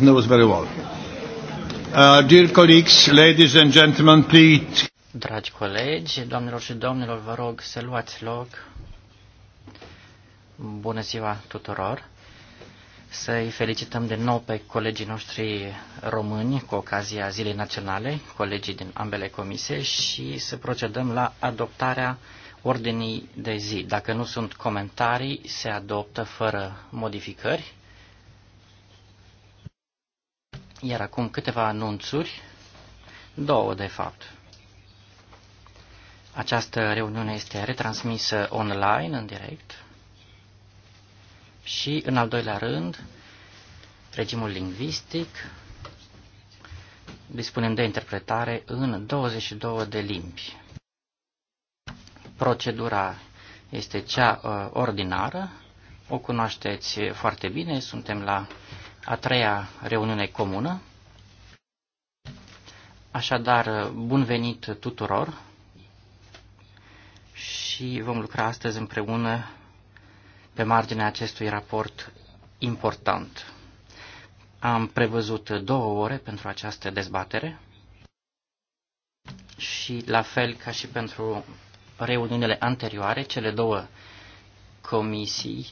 knows very well. Uh, dear colleagues, ladies and gentlemen, please. Dragi colegi, doamnelor și domnilor, vă rog să luați loc. Bună ziua tuturor! Să-i felicităm de nou pe colegii noștri români cu ocazia Zilei Naționale, colegii din ambele comise, și să procedăm la adoptarea ordinii de zi. Dacă nu sunt comentarii, se adoptă fără modificări. Iar acum câteva anunțuri, două de fapt. Această reuniune este retransmisă online, în direct. Și, în al doilea rând, regimul lingvistic. Dispunem de interpretare în 22 de limbi. Procedura este cea uh, ordinară. O cunoașteți foarte bine. Suntem la a treia reuniune comună. Așadar, bun venit tuturor și vom lucra astăzi împreună pe marginea acestui raport important. Am prevăzut două ore pentru această dezbatere și, la fel ca și pentru reuniunile anterioare, cele două comisii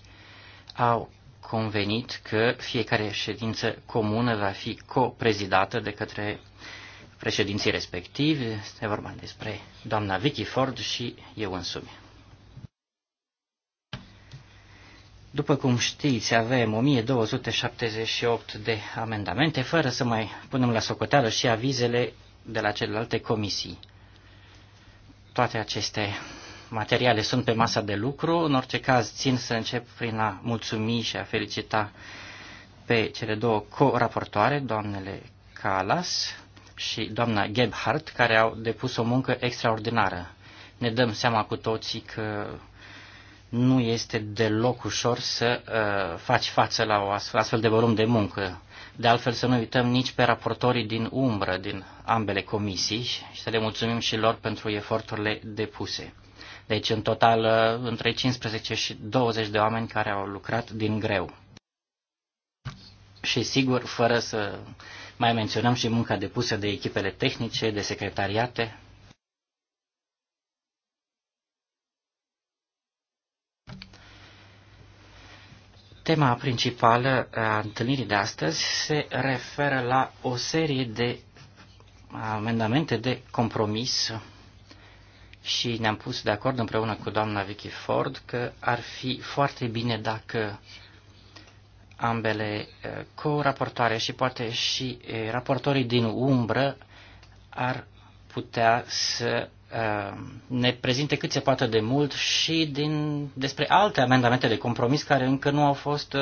au convenit că fiecare ședință comună va fi coprezidată de către președinții respectivi. Este vorba despre doamna Vicky Ford și eu însumi. După cum știți, avem 1278 de amendamente, fără să mai punem la socoteală și avizele de la celelalte comisii. Toate aceste materiale sunt pe masa de lucru. În orice caz, țin să încep prin a mulțumi și a felicita pe cele două co-raportoare, doamnele Calas și doamna Gebhardt, care au depus o muncă extraordinară. Ne dăm seama cu toții că nu este deloc ușor să uh, faci față la o astfel de volum de muncă. De altfel să nu uităm nici pe raportorii din umbră din ambele comisii și să le mulțumim și lor pentru eforturile depuse. Deci, în total, uh, între 15 și 20 de oameni care au lucrat din greu. Și sigur, fără să mai menționăm și munca depusă de echipele tehnice, de secretariate, Tema principală a întâlnirii de astăzi se referă la o serie de amendamente de compromis și ne-am pus de acord împreună cu doamna Vicky Ford că ar fi foarte bine dacă ambele eh, co-raportoare și poate și eh, raportorii din umbră ar putea să eh, ne prezinte cât se poate de mult și din, despre alte amendamente de compromis care încă nu au fost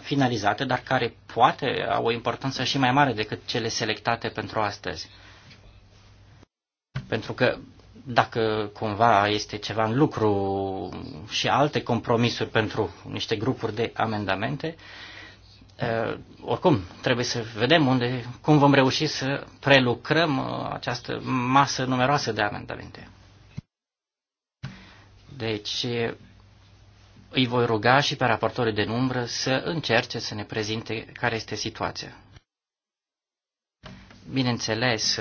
finalizate, dar care poate au o importanță și mai mare decât cele selectate pentru astăzi. Pentru că dacă cumva este ceva în lucru și alte compromisuri pentru niște grupuri de amendamente, oricum trebuie să vedem unde, cum vom reuși să prelucrăm această masă numeroasă de amendamente. Deci îi voi ruga și pe raportorii de numbră să încerce să ne prezinte care este situația. Bineînțeles,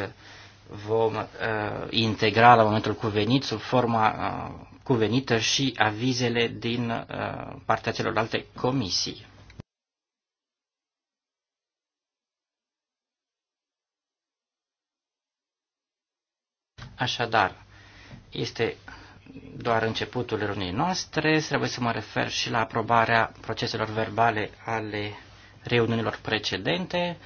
vom uh, integra la momentul cuvenit, sub forma uh, cuvenită, și avizele din uh, partea celorlalte comisii. Așadar, este doar începutul reuniunii noastre, trebuie să mă refer și la aprobarea proceselor verbale ale reuniunilor precedente.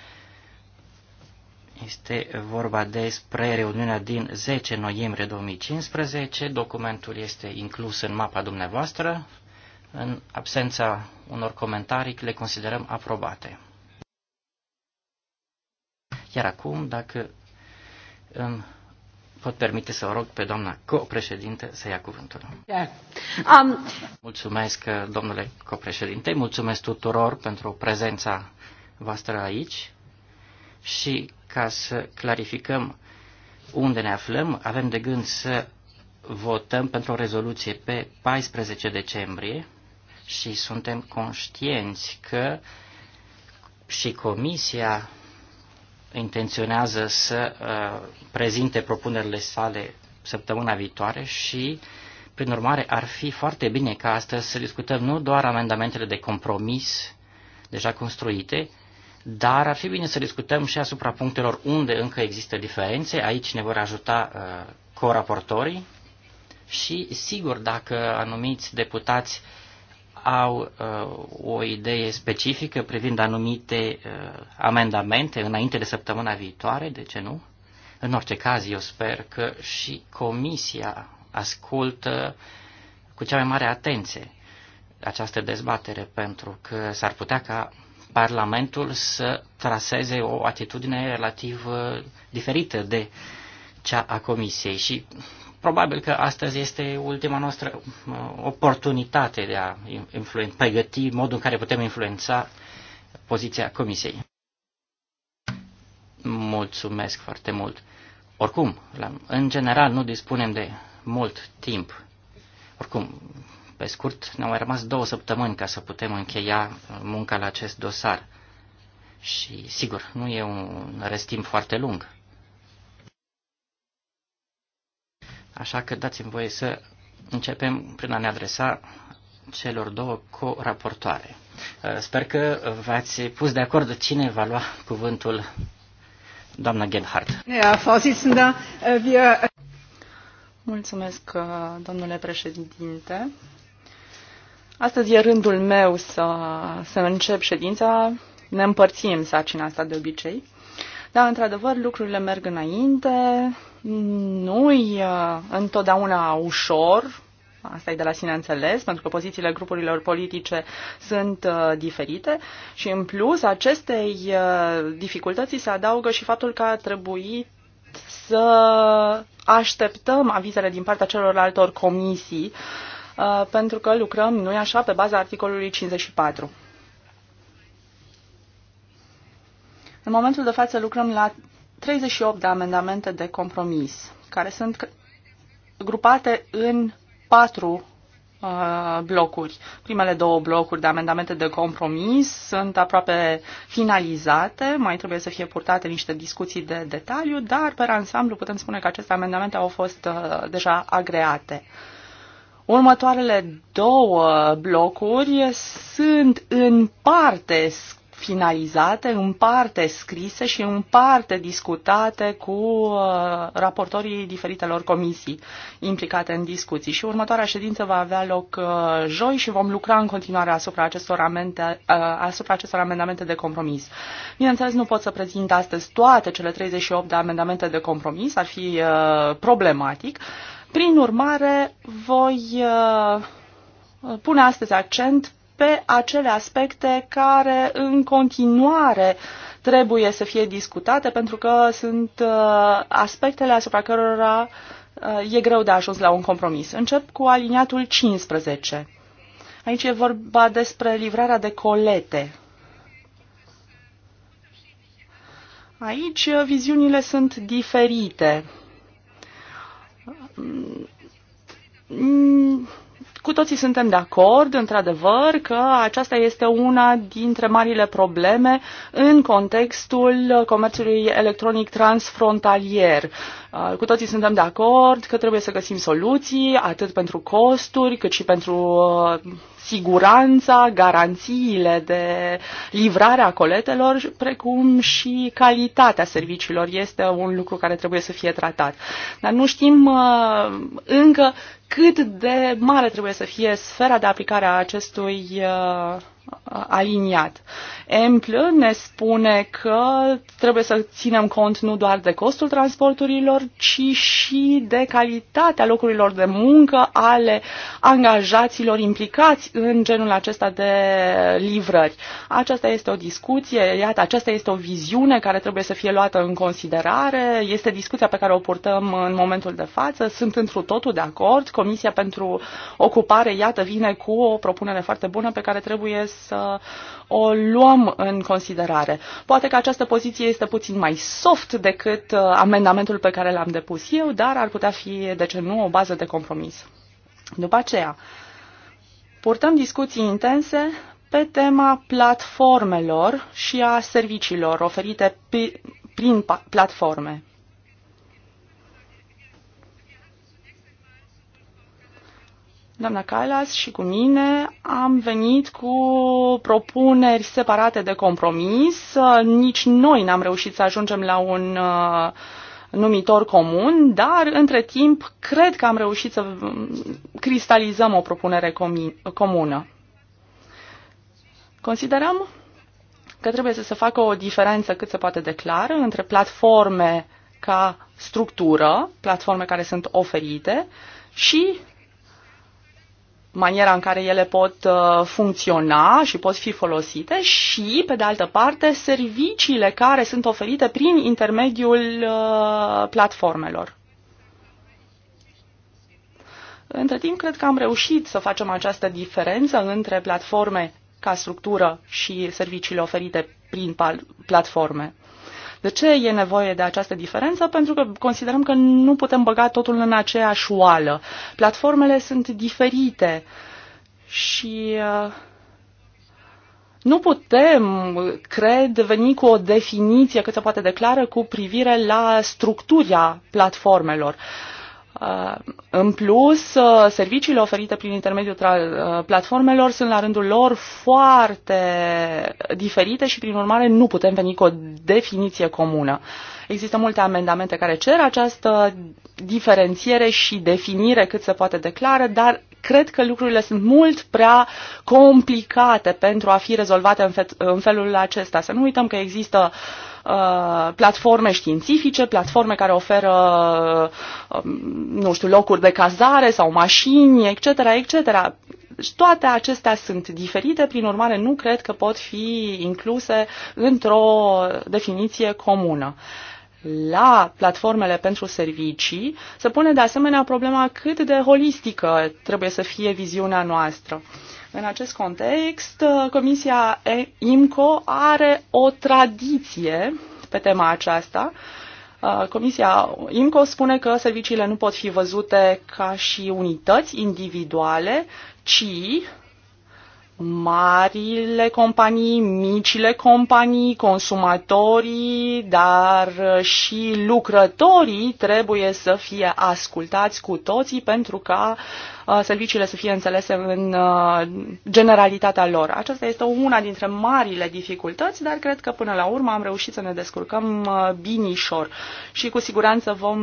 Este vorba despre reuniunea din 10 noiembrie 2015. Documentul este inclus în mapa dumneavoastră. În absența unor comentarii, le considerăm aprobate. Iar acum, dacă îmi pot permite să o rog pe doamna copreședinte să ia cuvântul. Yeah. Da. Um... Mulțumesc, domnule copreședinte, mulțumesc tuturor pentru prezența voastră aici și ca să clarificăm unde ne aflăm. Avem de gând să votăm pentru o rezoluție pe 14 decembrie și suntem conștienți că și Comisia intenționează să uh, prezinte propunerile sale săptămâna viitoare și, prin urmare, ar fi foarte bine ca astăzi să discutăm nu doar amendamentele de compromis deja construite, dar ar fi bine să discutăm și asupra punctelor unde încă există diferențe. Aici ne vor ajuta uh, coraportorii și, sigur, dacă anumiți deputați au uh, o idee specifică privind anumite uh, amendamente înainte de săptămâna viitoare, de ce nu? În orice caz, eu sper că și Comisia ascultă cu cea mai mare atenție această dezbatere, pentru că s-ar putea ca Parlamentul să traseze o atitudine relativ uh, diferită de cea a Comisiei și probabil că astăzi este ultima noastră uh, oportunitate de a pregăti modul în care putem influența poziția Comisiei. Mulțumesc foarte mult. Oricum, în general nu dispunem de mult timp. Oricum, pe scurt, ne-au mai rămas două săptămâni ca să putem încheia munca la acest dosar. Și, sigur, nu e un restim foarte lung. Așa că dați-mi voie să începem prin a ne adresa celor două co-raportoare. Sper că v-ați pus de acord cine va lua cuvântul doamna Gebhardt. Äh, Mulțumesc, domnule președinte. Astăzi e rândul meu să, să încep ședința. Ne împărțim sacina asta de obicei. Dar, într-adevăr, lucrurile merg înainte. Nu-i uh, întotdeauna ușor, asta e de la sine înțeles, pentru că pozițiile grupurilor politice sunt uh, diferite și în plus acestei uh, dificultății se adaugă și faptul că a trebuit să așteptăm avizele din partea celorlalte comisii uh, Uh, pentru că lucrăm, noi așa, pe baza articolului 54. În momentul de față lucrăm la 38 de amendamente de compromis, care sunt grupate în patru uh, blocuri. Primele două blocuri de amendamente de compromis sunt aproape finalizate, mai trebuie să fie purtate niște discuții de detaliu, dar pe ansamblu putem spune că aceste amendamente au fost uh, deja agreate. Următoarele două blocuri sunt în parte finalizate, în parte scrise și în parte discutate cu uh, raportorii diferitelor comisii implicate în discuții. Și următoarea ședință va avea loc uh, joi și vom lucra în continuare asupra acestor, amende, uh, asupra acestor amendamente de compromis. Bineînțeles, nu pot să prezint astăzi toate cele 38 de amendamente de compromis, ar fi problematic, prin urmare, voi uh, pune astăzi accent pe acele aspecte care în continuare trebuie să fie discutate pentru că sunt uh, aspectele asupra cărora uh, e greu de ajuns la un compromis. Încep cu aliniatul 15. Aici e vorba despre livrarea de colete. Aici viziunile sunt diferite. Mm, cu toții suntem de acord, într-adevăr, că aceasta este una dintre marile probleme în contextul comerțului electronic transfrontalier. Uh, cu toții suntem de acord că trebuie să găsim soluții, atât pentru costuri, cât și pentru uh, siguranța, garanțiile de livrare a coletelor, precum și calitatea serviciilor. Este un lucru care trebuie să fie tratat. Dar nu știm uh, încă cât de mare trebuie să fie sfera de aplicare a acestui uh, aliniat. EMPL ne spune că trebuie să ținem cont nu doar de costul transporturilor, ci și de calitatea locurilor de muncă ale angajaților implicați în genul acesta de livrări. Aceasta este o discuție, iată, aceasta este o viziune care trebuie să fie luată în considerare, este discuția pe care o purtăm în momentul de față, sunt întru totul de acord, Comisia pentru Ocupare, iată, vine cu o propunere foarte bună pe care trebuie să o luăm în considerare. Poate că această poziție este puțin mai soft decât uh, amendamentul pe care l-am depus eu, dar ar putea fi, de ce nu, o bază de compromis. După aceea, purtăm discuții intense pe tema platformelor și a serviciilor oferite prin platforme. doamna Calas și cu mine am venit cu propuneri separate de compromis. Nici noi n-am reușit să ajungem la un uh, numitor comun, dar între timp cred că am reușit să mm, cristalizăm o propunere comună. Considerăm că trebuie să se facă o diferență cât se poate de clară între platforme ca structură, platforme care sunt oferite, și maniera în care ele pot uh, funcționa și pot fi folosite și, pe de altă parte, serviciile care sunt oferite prin intermediul uh, platformelor. Între timp, cred că am reușit să facem această diferență între platforme ca structură și serviciile oferite prin platforme. De ce e nevoie de această diferență? Pentru că considerăm că nu putem băga totul în aceeași oală. Platformele sunt diferite și uh, nu putem, cred, veni cu o definiție cât se poate declară cu privire la structura platformelor. Uh, Uh, în plus, uh, serviciile oferite prin intermediul uh, platformelor sunt la rândul lor foarte diferite și, prin urmare, nu putem veni cu o definiție comună. Există multe amendamente care cer această diferențiere și definire cât se poate declară, dar cred că lucrurile sunt mult prea complicate pentru a fi rezolvate în, fe- în felul acesta. Să nu uităm că există uh, Uh, platforme științifice, platforme care oferă, um, nu știu, locuri de cazare sau mașini, etc., etc. Deci toate acestea sunt diferite, prin urmare nu cred că pot fi incluse într-o definiție comună la platformele pentru servicii, se pune de asemenea problema cât de holistică trebuie să fie viziunea noastră. În acest context, Comisia IMCO are o tradiție pe tema aceasta. Comisia IMCO spune că serviciile nu pot fi văzute ca și unități individuale, ci marile companii, micile companii, consumatorii, dar și lucrătorii trebuie să fie ascultați cu toții pentru ca serviciile să fie înțelese în generalitatea lor. Aceasta este una dintre marile dificultăți, dar cred că până la urmă am reușit să ne descurcăm binișor și cu siguranță vom,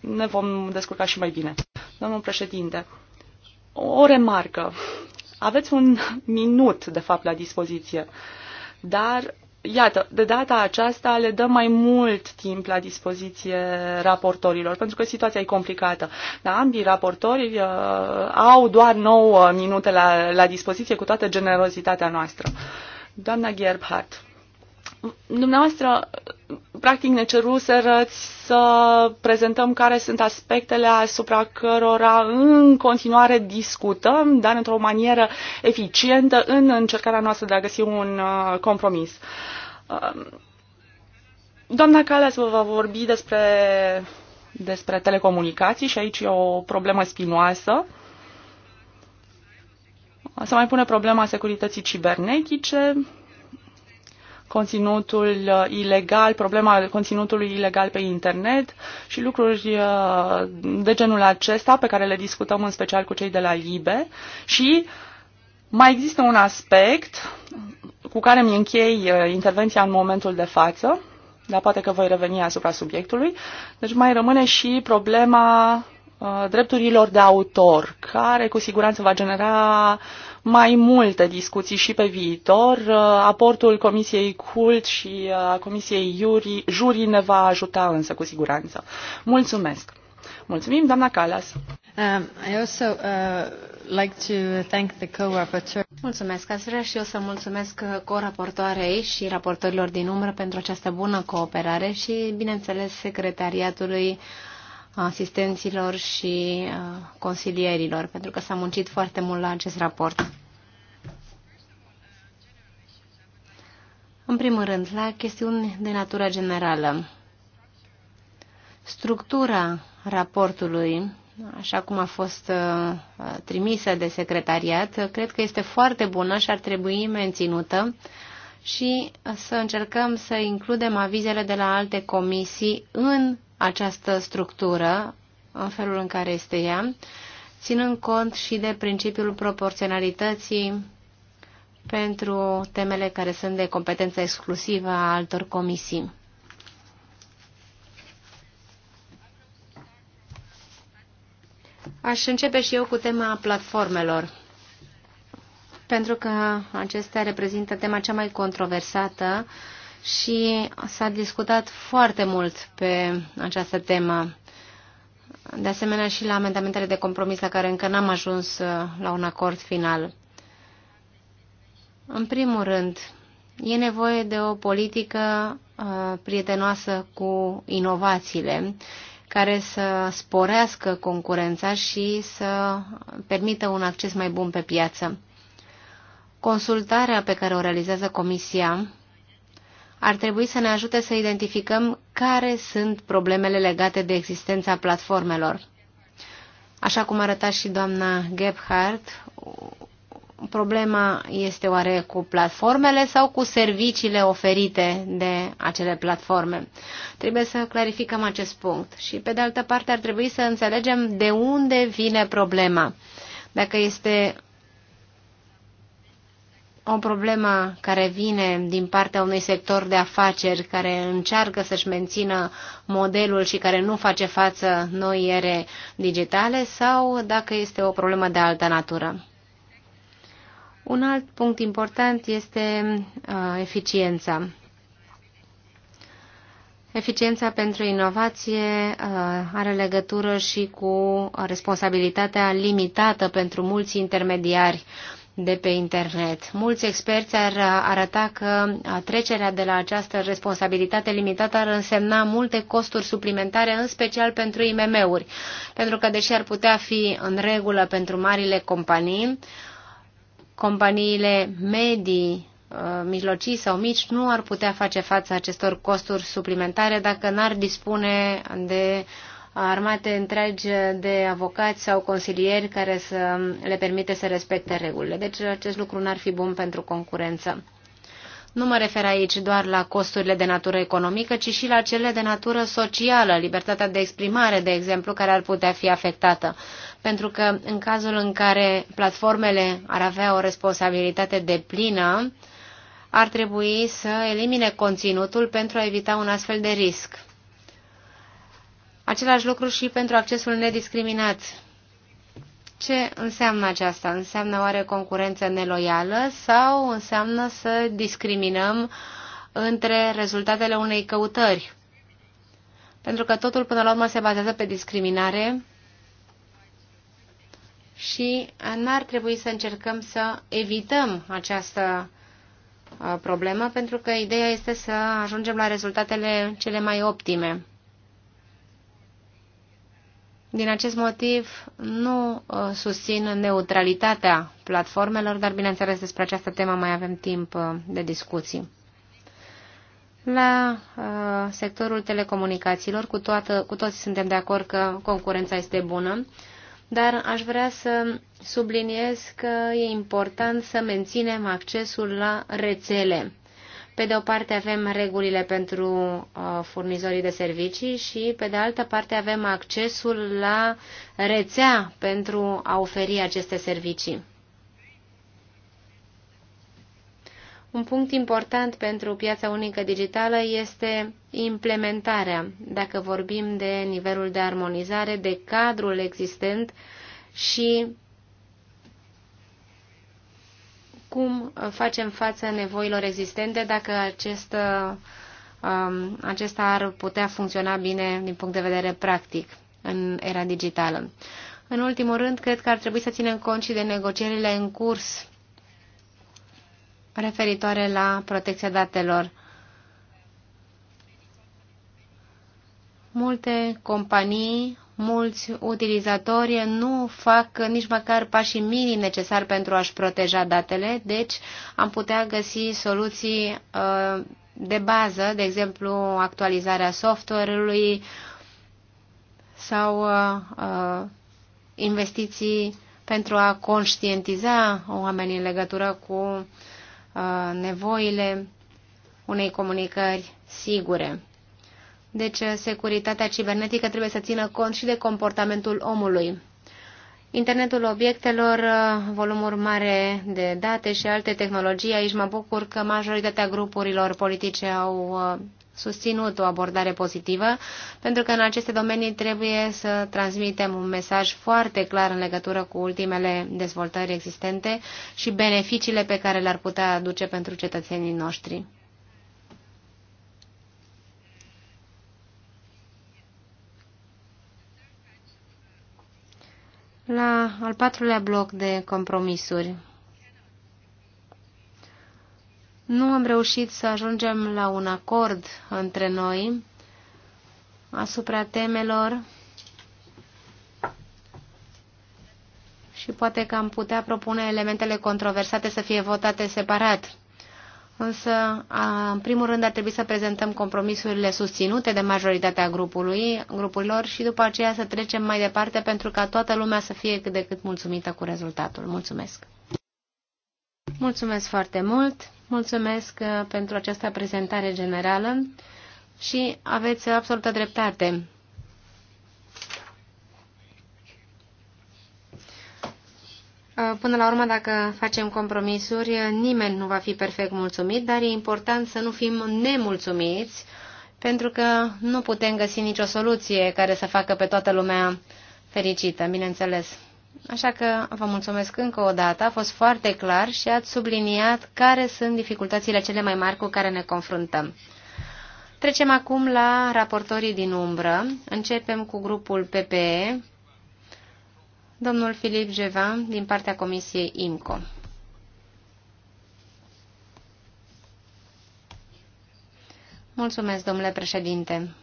ne vom descurca și mai bine. Domnul președinte, o remarcă. Aveți un minut, de fapt, la dispoziție. Dar, iată, de data aceasta le dăm mai mult timp la dispoziție raportorilor, pentru că situația e complicată. Dar ambii raportori uh, au doar 9 minute la, la dispoziție, cu toată generozitatea noastră. Doamna Gerhardt. Dumneavoastră, practic, ne ceruserăți să prezentăm care sunt aspectele asupra cărora în continuare discutăm, dar într-o manieră eficientă în încercarea noastră de a găsi un uh, compromis. Um, doamna Calas vă va vorbi despre, despre telecomunicații și aici e o problemă spinoasă. Se mai pune problema securității cibernetice, conținutul uh, ilegal, problema conținutului ilegal pe internet și lucruri uh, de genul acesta pe care le discutăm în special cu cei de la LIBE și mai există un aspect cu care mi închei uh, intervenția în momentul de față, dar poate că voi reveni asupra subiectului. Deci mai rămâne și problema drepturilor de autor, care cu siguranță va genera mai multe discuții și pe viitor. Uh, aportul Comisiei Cult și uh, a Comisiei Iuri, Juri ne va ajuta însă cu siguranță. Mulțumesc! Mulțumim, doamna Calas! Um, I also, uh, like to thank the co-rapporteur. Mulțumesc. Aș vrea și eu să mulțumesc uh, co-raportoarei și raportorilor din umbră pentru această bună cooperare și, bineînțeles, secretariatului uh, asistenților și uh, consilierilor, pentru că s-a muncit foarte mult la acest raport. În primul rând, la chestiuni de natură generală. Structura raportului, așa cum a fost uh, trimisă de secretariat, cred că este foarte bună și ar trebui menținută și să încercăm să includem avizele de la alte comisii în această structură în felul în care este ea, ținând cont și de principiul proporționalității pentru temele care sunt de competență exclusivă a altor comisii. Aș începe și eu cu tema platformelor, pentru că acestea reprezintă tema cea mai controversată uh, și s-a discutat foarte mult pe această temă. De asemenea și la amendamentele de compromis la care încă n-am ajuns uh, la un acord final. În primul rând, e nevoie de o politică uh, prietenoasă cu inovațiile, care să sporească concurența și să permită un acces mai bun pe piață. Consultarea pe care o realizează Comisia ar trebui să ne ajute să identificăm care sunt problemele legate de existența platformelor. Așa cum arăta și doamna Gebhardt, problema este oare cu platformele sau cu serviciile oferite de acele platforme. Trebuie să clarificăm acest punct și, pe de altă parte, ar trebui să înțelegem de unde vine problema. Dacă este o problemă care vine din partea unui sector de afaceri care încearcă să-și mențină modelul și care nu face față noi ere digitale sau dacă este o problemă de altă natură. Un alt punct important este uh, eficiența. Eficiența pentru inovație uh, are legătură și cu responsabilitatea limitată pentru mulți intermediari de pe internet. Mulți experți ar arăta că trecerea de la această responsabilitate limitată ar însemna multe costuri suplimentare, în special pentru IMM-uri, pentru că, deși ar putea fi în regulă pentru marile companii, companiile medii uh, mijlocii sau mici nu ar putea face față acestor costuri suplimentare dacă n-ar dispune de uh, armate întregi de avocați sau consilieri care să le permite să respecte regulile. Deci acest lucru n-ar fi bun pentru concurență. Nu mă refer aici doar la costurile de natură economică, ci și la cele de natură socială, libertatea de exprimare, de exemplu, care ar putea fi afectată. Pentru că în cazul în care platformele ar avea o responsabilitate de plină, ar trebui să elimine conținutul pentru a evita un astfel de risc. Același lucru și pentru accesul nediscriminat. Ce înseamnă aceasta? Înseamnă oare concurență neloială sau înseamnă să discriminăm între rezultatele unei căutări? Pentru că totul până la urmă se bazează pe discriminare și n-ar trebui să încercăm să evităm această uh, problemă, pentru că ideea este să ajungem la rezultatele cele mai optime. Din acest motiv, nu uh, susțin neutralitatea platformelor, dar bineînțeles despre această temă mai avem timp uh, de discuții. La uh, sectorul telecomunicațiilor, cu, toată, cu toți suntem de acord că concurența este bună, dar aș vrea să subliniez că e important să menținem accesul la rețele pe de o parte avem regulile pentru uh, furnizorii de servicii și pe de altă parte avem accesul la rețea pentru a oferi aceste servicii. Un punct important pentru piața unică digitală este implementarea, dacă vorbim de nivelul de armonizare, de cadrul existent și cum uh, facem față nevoilor existente dacă acest, uh, um, acesta ar putea funcționa bine din punct de vedere practic în era digitală. În ultimul rând, cred că ar trebui să ținem cont și de negocierile în curs referitoare la protecția datelor. Multe companii mulți utilizatori nu fac nici măcar pașii minim necesari pentru a-și proteja datele, deci am putea găsi soluții uh, de bază, de exemplu actualizarea software-ului sau uh, uh, investiții pentru a conștientiza oamenii în legătură cu nevoile unei comunicări sigure. Deci, eh, securitatea cibernetică trebuie să țină cont și de comportamentul omului. Internetul obiectelor, eh, volumuri mare de date și alte tehnologii, aici mă bucur că majoritatea grupurilor politice au eh, susținut o abordare pozitivă, pentru că în aceste domenii trebuie să transmitem un mesaj foarte clar în legătură cu ultimele dezvoltări existente și beneficiile pe care le-ar putea aduce pentru cetățenii noștri. La al patrulea bloc de compromisuri. Nu am reușit să ajungem la un acord între noi asupra temelor și poate că am putea propune elementele controversate să fie votate separat. Însă, în primul rând, ar trebui să prezentăm compromisurile susținute de majoritatea grupului, grupurilor și după aceea să trecem mai departe pentru ca toată lumea să fie cât de cât mulțumită cu rezultatul. Mulțumesc! Mulțumesc foarte mult! Mulțumesc uh, pentru această prezentare generală și aveți absolută dreptate. Uh, până la urmă, dacă facem compromisuri, uh, nimeni nu va fi perfect mulțumit, dar e important să nu fim nemulțumiți, pentru că nu putem găsi nicio soluție care să facă pe toată lumea fericită, bineînțeles. Așa că vă mulțumesc încă o dată, a fost foarte clar și ați subliniat care sunt dificultățile cele mai mari cu care ne confruntăm. Trecem acum la raportorii din umbră. Începem cu grupul PPE domnul Filip Jevan din partea Comisiei IMCO. Mulțumesc, domnule președinte.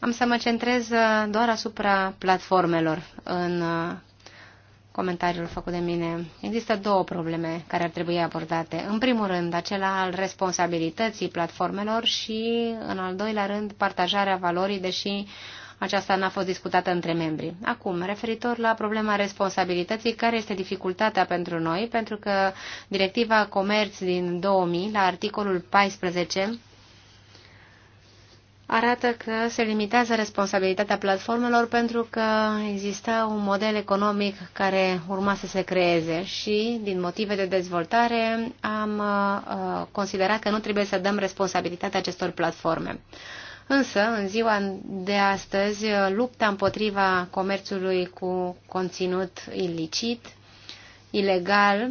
Am să mă centrez doar asupra platformelor în comentariul făcut de mine. Există două probleme care ar trebui abordate. În primul rând, acela al responsabilității platformelor și, în al doilea rând, partajarea valorii, deși aceasta n-a fost discutată între membri. Acum, referitor la problema responsabilității, care este dificultatea pentru noi? Pentru că Directiva Comerț din 2000, la articolul 14, arată că se limitează responsabilitatea platformelor pentru că exista un model economic care urma să se creeze și, din motive de dezvoltare, am uh, considerat că nu trebuie să dăm responsabilitatea acestor platforme. Însă, în ziua de astăzi, lupta împotriva comerțului cu conținut ilicit, ilegal,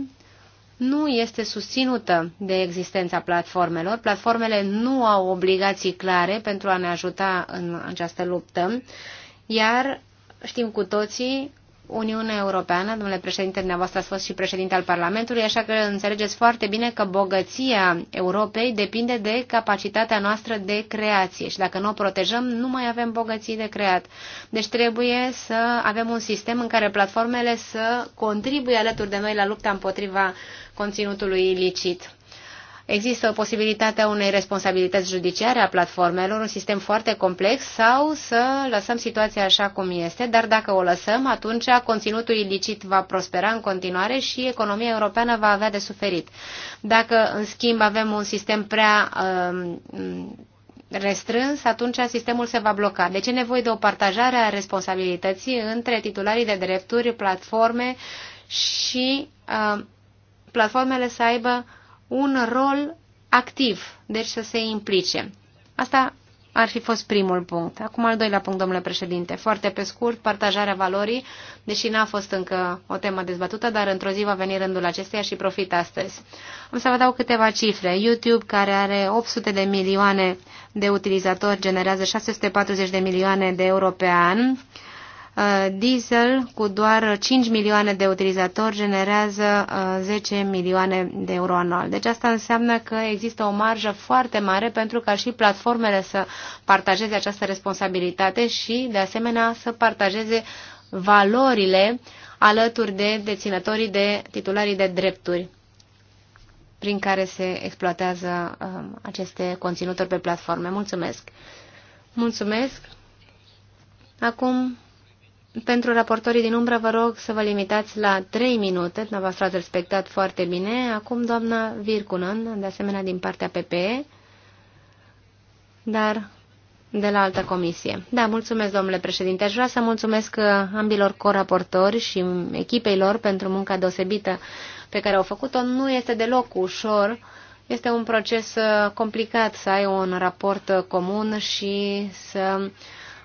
nu este susținută de existența platformelor. Platformele nu au obligații clare pentru a ne ajuta în această luptă, iar știm cu toții Uniunea Europeană, domnule președinte, dumneavoastră ați fost și președinte al Parlamentului, așa că înțelegeți foarte bine că bogăția Europei depinde de capacitatea noastră de creație și dacă nu o protejăm, nu mai avem bogății de creat. Deci trebuie să avem un sistem în care platformele să contribuie alături de noi la lupta împotriva conținutului ilicit. Există o posibilitate a unei responsabilități judiciare a platformelor, un sistem foarte complex, sau să lăsăm situația așa cum este, dar dacă o lăsăm, atunci conținutul ilicit va prospera în continuare și economia europeană va avea de suferit. Dacă, în schimb, avem un sistem prea um, restrâns, atunci sistemul se va bloca. De Deci ce nevoie de o partajare a responsabilității între titularii de drepturi, platforme și uh, platformele să aibă un rol activ, deci să se implice. Asta ar fi fost primul punct. Acum al doilea punct, domnule președinte. Foarte pe scurt, partajarea valorii, deși n-a fost încă o temă dezbătută, dar într-o zi va veni rândul acesteia și profit astăzi. Am să vă dau câteva cifre. YouTube, care are 800 de milioane de utilizatori, generează 640 de milioane de euro pe an Uh, diesel, cu doar 5 milioane de utilizatori, generează 10 uh, milioane de euro anual. Deci asta înseamnă că există o marjă foarte mare pentru ca și platformele să partajeze această responsabilitate și, de asemenea, să partajeze valorile alături de deținătorii de titularii de drepturi prin care se exploatează um, aceste conținuturi pe platforme. Mulțumesc! Mulțumesc! Acum pentru raportorii din umbră, vă rog să vă limitați la 3 minute. Dumneavoastră ați respectat foarte bine. Acum, doamna Virkunen, de asemenea din partea PPE, dar de la altă comisie. Da, mulțumesc, domnule președinte. Aș vrea să mulțumesc uh, ambilor coraportori și echipei lor pentru munca deosebită pe care au făcut-o. Nu este deloc ușor. Este un proces uh, complicat să ai un raport uh, comun și să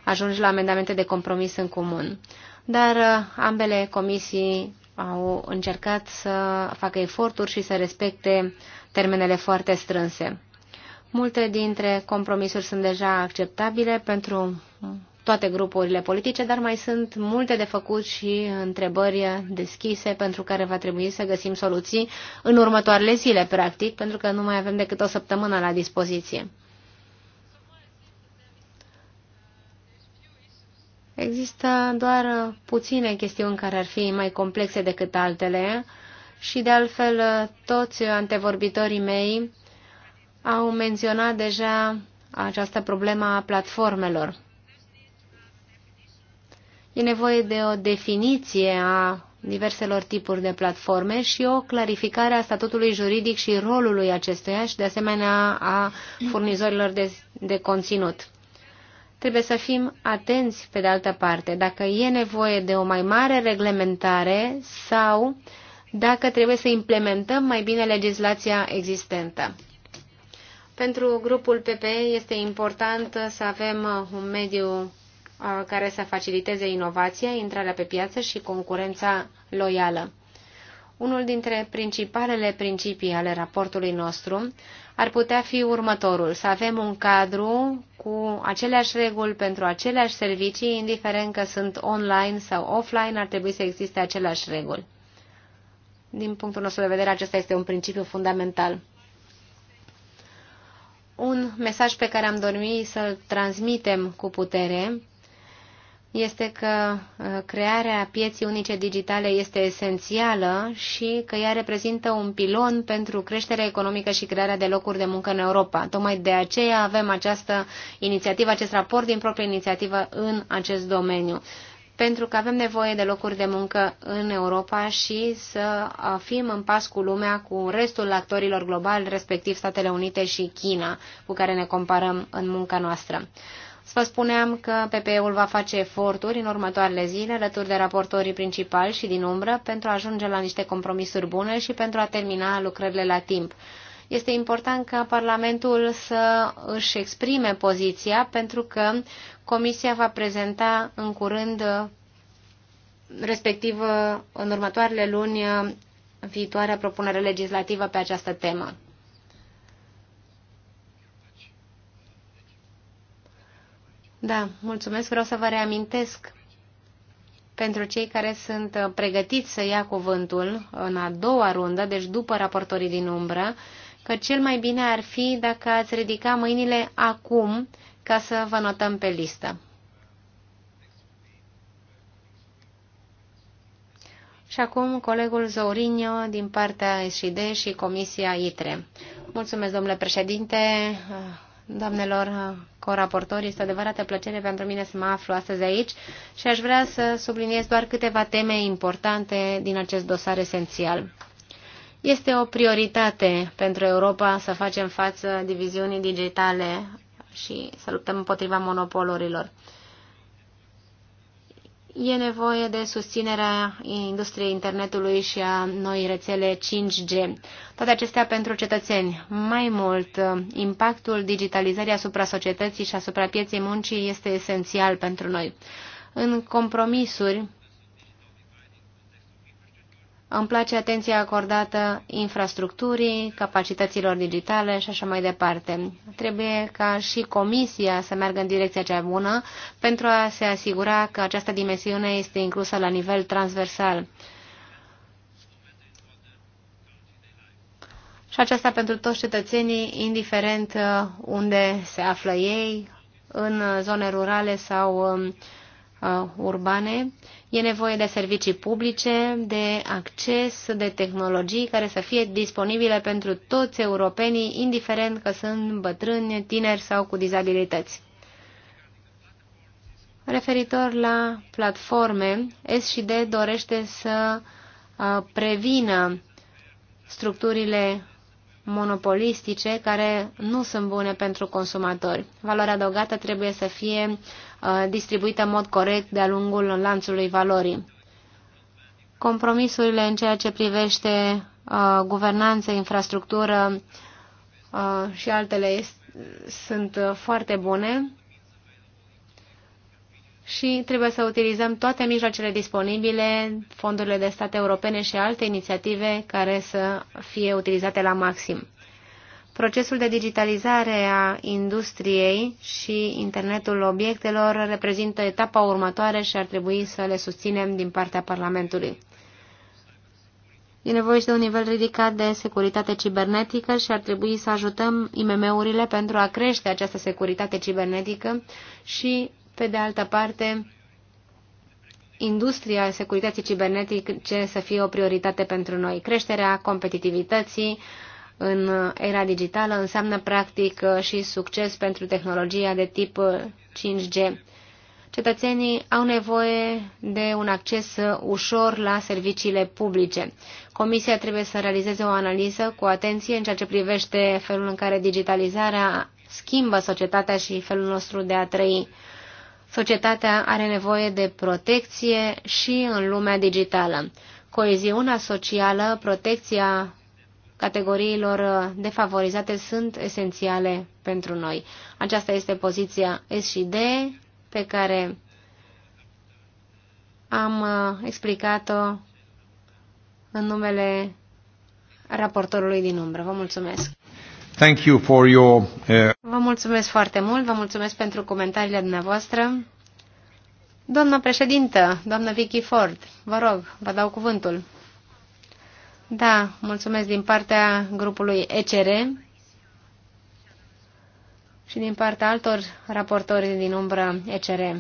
ajungi la amendamente de compromis în comun. Dar uh, ambele comisii au încercat să facă eforturi și să respecte termenele foarte strânse. Multe dintre compromisuri sunt deja acceptabile pentru toate grupurile politice, dar mai sunt multe de făcut și întrebări deschise pentru care va trebui să găsim soluții în următoarele zile, practic, pentru că nu mai avem decât o săptămână la dispoziție. Există doar uh, puține chestiuni care ar fi mai complexe decât altele și, de altfel, uh, toți antevorbitorii mei au menționat deja această problemă a platformelor. E nevoie de o definiție a diverselor tipuri de platforme și o clarificare a statutului juridic și rolului acestuia și, de asemenea, a furnizorilor de, de conținut. Trebuie să fim atenți pe de altă parte dacă e nevoie de o mai mare reglementare sau dacă trebuie să implementăm mai bine legislația existentă. Pentru grupul PPE este important să avem un mediu uh, care să faciliteze inovația, intrarea pe piață și concurența loială. Unul dintre principalele principii ale raportului nostru ar putea fi următorul, să avem un cadru cu aceleași reguli pentru aceleași servicii, indiferent că sunt online sau offline, ar trebui să existe aceleași reguli. Din punctul nostru de vedere, acesta este un principiu fundamental. Un mesaj pe care am dormit să-l transmitem cu putere este că uh, crearea pieții unice digitale este esențială și că ea reprezintă un pilon pentru creșterea economică și crearea de locuri de muncă în Europa. Tocmai de aceea avem această inițiativă, acest raport din proprie inițiativă în acest domeniu pentru că avem nevoie de locuri de muncă în Europa și să fim în pas cu lumea, cu restul actorilor globali, respectiv Statele Unite și China, cu care ne comparăm în munca noastră. Vă spuneam că PPE-ul va face eforturi în următoarele zile, alături de raportorii principali și din umbră, pentru a ajunge la niște compromisuri bune și pentru a termina lucrările la timp. Este important ca Parlamentul să își exprime poziția, pentru că Comisia va prezenta în curând, respectiv în următoarele luni, viitoarea propunere legislativă pe această temă. Da, mulțumesc. Vreau să vă reamintesc pentru cei care sunt uh, pregătiți să ia cuvântul în a doua rundă, deci după raportorii din umbră, că cel mai bine ar fi dacă ați ridica mâinile acum ca să vă notăm pe listă. Și acum colegul Zourinio din partea SID și Comisia ITRE. Mulțumesc, domnule președinte, uh, doamnelor uh, coraportor. Este o adevărată plăcere pentru mine să mă aflu astăzi aici și aș vrea să subliniez doar câteva teme importante din acest dosar esențial. Este o prioritate pentru Europa să facem față diviziunii digitale și să luptăm împotriva monopolurilor. E nevoie de susținerea industriei internetului și a noi rețele 5G. Toate acestea pentru cetățeni. Mai mult, impactul digitalizării asupra societății și asupra pieței muncii este esențial pentru noi. În compromisuri, îmi place atenția acordată infrastructurii, capacităților digitale și așa mai departe. Trebuie ca și Comisia să meargă în direcția cea bună pentru a se asigura că această dimensiune este inclusă la nivel transversal. Și aceasta pentru toți cetățenii, indiferent uh, unde se află ei, în zone rurale sau um, Uh, urbane. E nevoie de servicii publice, de acces, de tehnologii care să fie disponibile pentru toți europenii, indiferent că sunt bătrâni, tineri sau cu dizabilități. Referitor la platforme, S și D dorește să uh, prevină structurile monopolistice care nu sunt bune pentru consumatori. Valoarea adăugată trebuie să fie uh, distribuită în mod corect de-a lungul lanțului valorii. Compromisurile în ceea ce privește uh, guvernanță, infrastructură uh, și altele sunt foarte bune și trebuie să utilizăm toate mijloacele disponibile, fondurile de state europene și alte inițiative care să fie utilizate la maxim. Procesul de digitalizare a industriei și internetul obiectelor reprezintă etapa următoare și ar trebui să le susținem din partea Parlamentului. E nevoie și de un nivel ridicat de securitate cibernetică și ar trebui să ajutăm IMM-urile pentru a crește această securitate cibernetică și pe de altă parte, industria securității cibernetice să fie o prioritate pentru noi. Creșterea competitivității în era digitală înseamnă practic și succes pentru tehnologia de tip 5G. Cetățenii au nevoie de un acces ușor la serviciile publice. Comisia trebuie să realizeze o analiză cu atenție în ceea ce privește felul în care digitalizarea schimbă societatea și felul nostru de a trăi. Societatea are nevoie de protecție și în lumea digitală. Coeziunea socială, protecția categoriilor defavorizate sunt esențiale pentru noi. Aceasta este poziția S și D pe care am uh, explicat-o în numele raportorului din umbră. Vă mulțumesc! Thank you for your, uh... Vă mulțumesc foarte mult, vă mulțumesc pentru comentariile dumneavoastră. Doamna președintă, doamna Vicky Ford, vă rog, vă dau cuvântul. Da, mulțumesc din partea grupului ECR și din partea altor raportori din umbră ECR.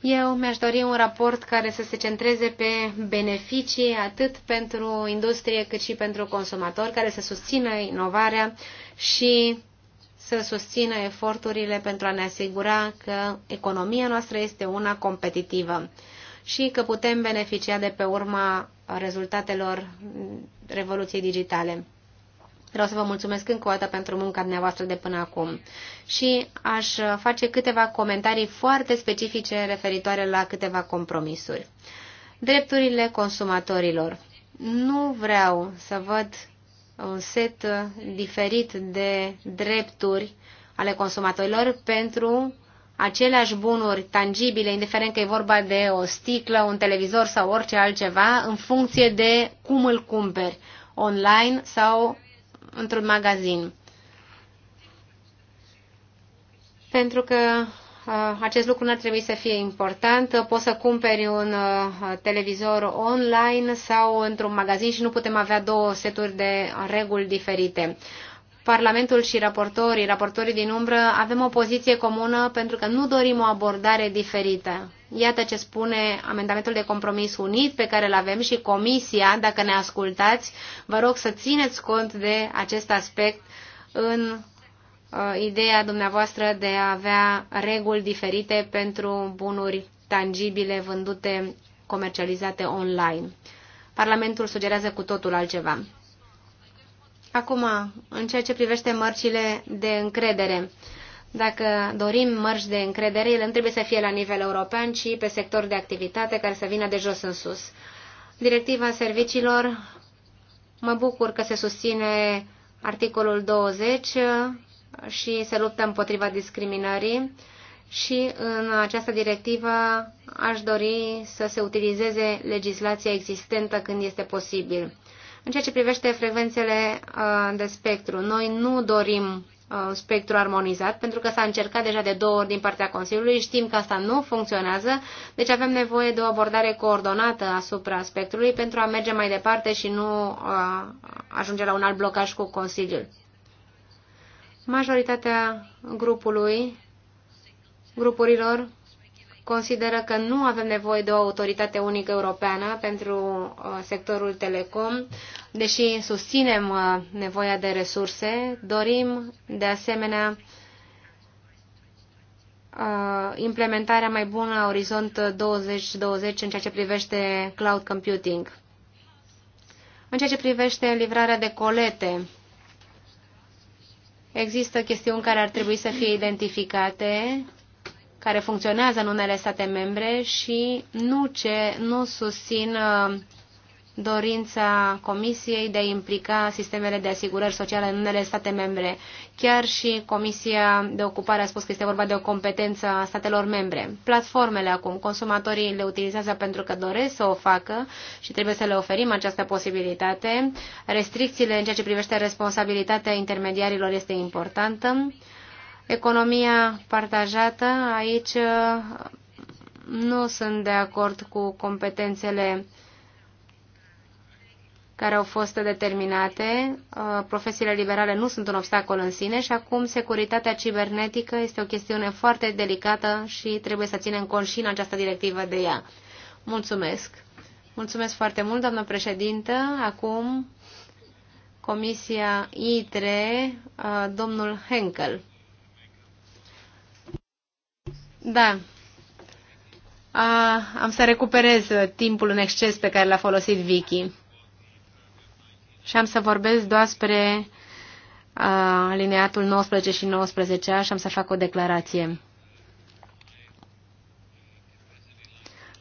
Eu mi-aș dori un raport care să se centreze pe beneficii atât pentru industrie cât și pentru consumatori, care să susțină inovarea și să susțină eforturile pentru a ne asigura că economia noastră este una competitivă și că putem beneficia de pe urma rezultatelor revoluției digitale. Vreau să vă mulțumesc încă o dată pentru munca dumneavoastră de până acum și aș face câteva comentarii foarte specifice referitoare la câteva compromisuri. Drepturile consumatorilor. Nu vreau să văd un set diferit de drepturi ale consumatorilor pentru aceleași bunuri tangibile, indiferent că e vorba de o sticlă, un televizor sau orice altceva, în funcție de cum îl cumperi, online sau într-un magazin. Pentru că uh, acest lucru nu ar trebui să fie important. Uh, poți să cumperi un uh, televizor online sau într-un magazin și nu putem avea două seturi de reguli diferite. Parlamentul și raportorii, raportorii din umbră, avem o poziție comună pentru că nu dorim o abordare diferită. Iată ce spune amendamentul de compromis unit pe care îl avem și comisia, dacă ne ascultați, vă rog să țineți cont de acest aspect în uh, ideea dumneavoastră de a avea reguli diferite pentru bunuri tangibile vândute, comercializate online. Parlamentul sugerează cu totul altceva. Acum, în ceea ce privește mărcile de încredere, uh, dacă dorim mărci de încredere, ele nu trebuie să fie la nivel european, ci pe sector de activitate care să vină de jos în sus. Directiva serviciilor, mă bucur că se susține articolul 20 și se luptă împotriva discriminării și în această directivă aș dori să se utilizeze legislația existentă când este posibil. În ceea ce privește frecvențele uh, de spectru, noi nu dorim Uh, spectru armonizat, pentru că s-a încercat deja de două ori din partea Consiliului, știm că asta nu funcționează, deci avem nevoie de o abordare coordonată asupra spectrului pentru a merge mai departe și nu a uh, ajunge la un alt blocaj cu Consiliul. Majoritatea grupului, grupurilor, consideră că nu avem nevoie de o autoritate unică europeană pentru uh, sectorul telecom, deși susținem uh, nevoia de resurse, dorim de asemenea uh, implementarea mai bună a Orizont 2020 în ceea ce privește cloud computing. În ceea ce privește livrarea de colete, există chestiuni care ar trebui să fie identificate care funcționează în unele state membre și nu, ce, nu susțin uh, dorința Comisiei de a implica sistemele de asigurări sociale în unele state membre. Chiar și Comisia de Ocupare a spus că este vorba de o competență a statelor membre. Platformele acum, consumatorii le utilizează pentru că doresc să o facă și trebuie să le oferim această posibilitate. Restricțiile în ceea ce privește responsabilitatea intermediarilor este importantă. Economia partajată, aici uh, nu sunt de acord cu competențele care au fost determinate. Uh, profesiile liberale nu sunt un obstacol în sine și acum securitatea cibernetică este o chestiune foarte delicată și trebuie să ținem cont și în această directivă de ea. Mulțumesc! Mulțumesc foarte mult, doamnă președintă. Acum Comisia ITRE, uh, domnul Henkel. Da. A, am să recuperez uh, timpul în exces pe care l-a folosit Vicky. Și am să vorbesc doar spre uh, alineatul 19 și 19 și am să fac o declarație.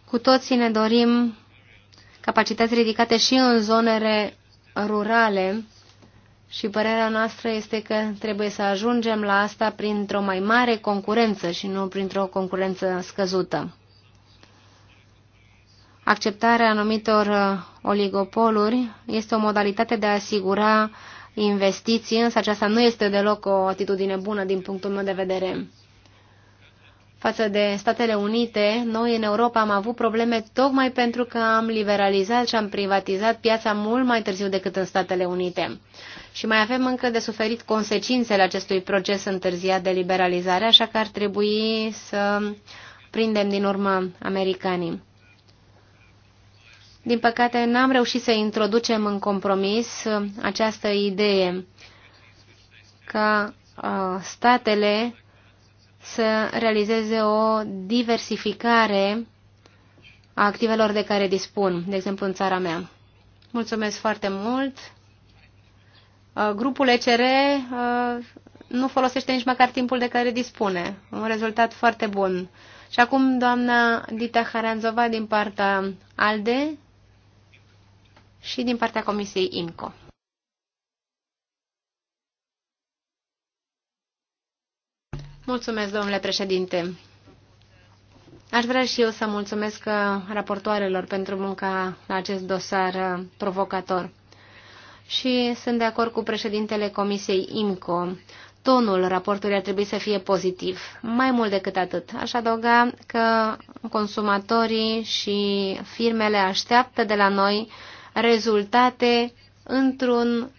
Cu toții ne dorim capacități ridicate și în zonele rurale și părerea noastră este că trebuie să ajungem la asta printr-o mai mare concurență și nu printr-o concurență scăzută. Acceptarea anumitor uh, oligopoluri este o modalitate de a asigura investiții, însă aceasta nu este deloc o atitudine bună din punctul meu de vedere față de Statele Unite, noi în Europa am avut probleme tocmai pentru că am liberalizat și am privatizat piața mult mai târziu decât în Statele Unite. Și mai avem încă de suferit consecințele acestui proces întârziat de liberalizare, așa că ar trebui să prindem din urmă americanii. Din păcate, n-am reușit să introducem în compromis uh, această idee ca uh, statele să realizeze o diversificare a activelor de care dispun, de exemplu în țara mea. Mulțumesc foarte mult. Uh, grupul ECR uh, nu folosește nici măcar timpul de care dispune. Un rezultat foarte bun. Și acum doamna Dita Haranzova din partea ALDE și din partea Comisiei IMCO. Mulțumesc, domnule președinte. Aș vrea și eu să mulțumesc raportoarelor pentru munca la acest dosar provocator. Și sunt de acord cu președintele Comisiei IMCO. Tonul raportului ar trebui să fie pozitiv. Mai mult decât atât, aș adăuga că consumatorii și firmele așteaptă de la noi rezultate într-un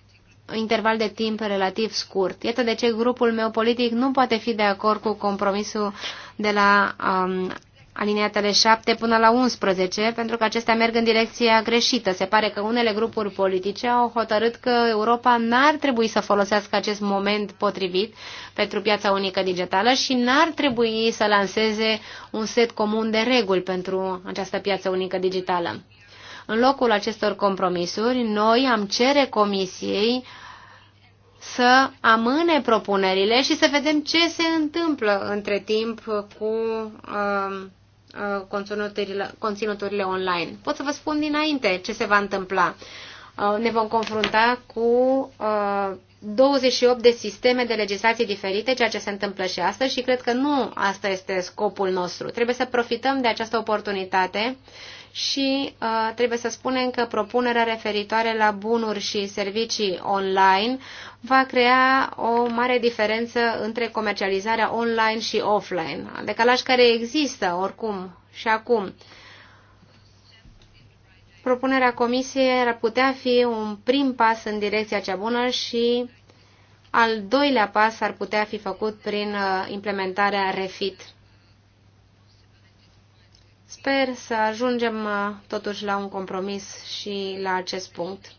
interval de timp relativ scurt. Iată de ce grupul meu politic nu poate fi de acord cu compromisul de la um, alineatele 7 până la 11, pentru că acestea merg în direcția greșită. Se pare că unele grupuri politice au hotărât că Europa n-ar trebui să folosească acest moment potrivit pentru piața unică digitală și n-ar trebui să lanseze un set comun de reguli pentru această piață unică digitală. În locul acestor compromisuri, noi am cere comisiei să amâne propunerile și să vedem ce se întâmplă între timp cu uh, uh, conținuturile, conținuturile online. Pot să vă spun dinainte ce se va întâmpla. Uh, ne vom confrunta cu uh, 28 de sisteme de legislație diferite, ceea ce se întâmplă și astăzi și cred că nu asta este scopul nostru. Trebuie să profităm de această oportunitate uh, și uh, trebuie să spunem că propunerea referitoare la bunuri și servicii online va crea o mare diferență între comercializarea online și offline, decalaj care există oricum și acum. Propunerea comisiei ar putea fi un prim pas în direcția cea bună și al doilea pas ar putea fi făcut prin uh, implementarea REFIT. Sper să ajungem uh, totuși la un compromis și la acest punct.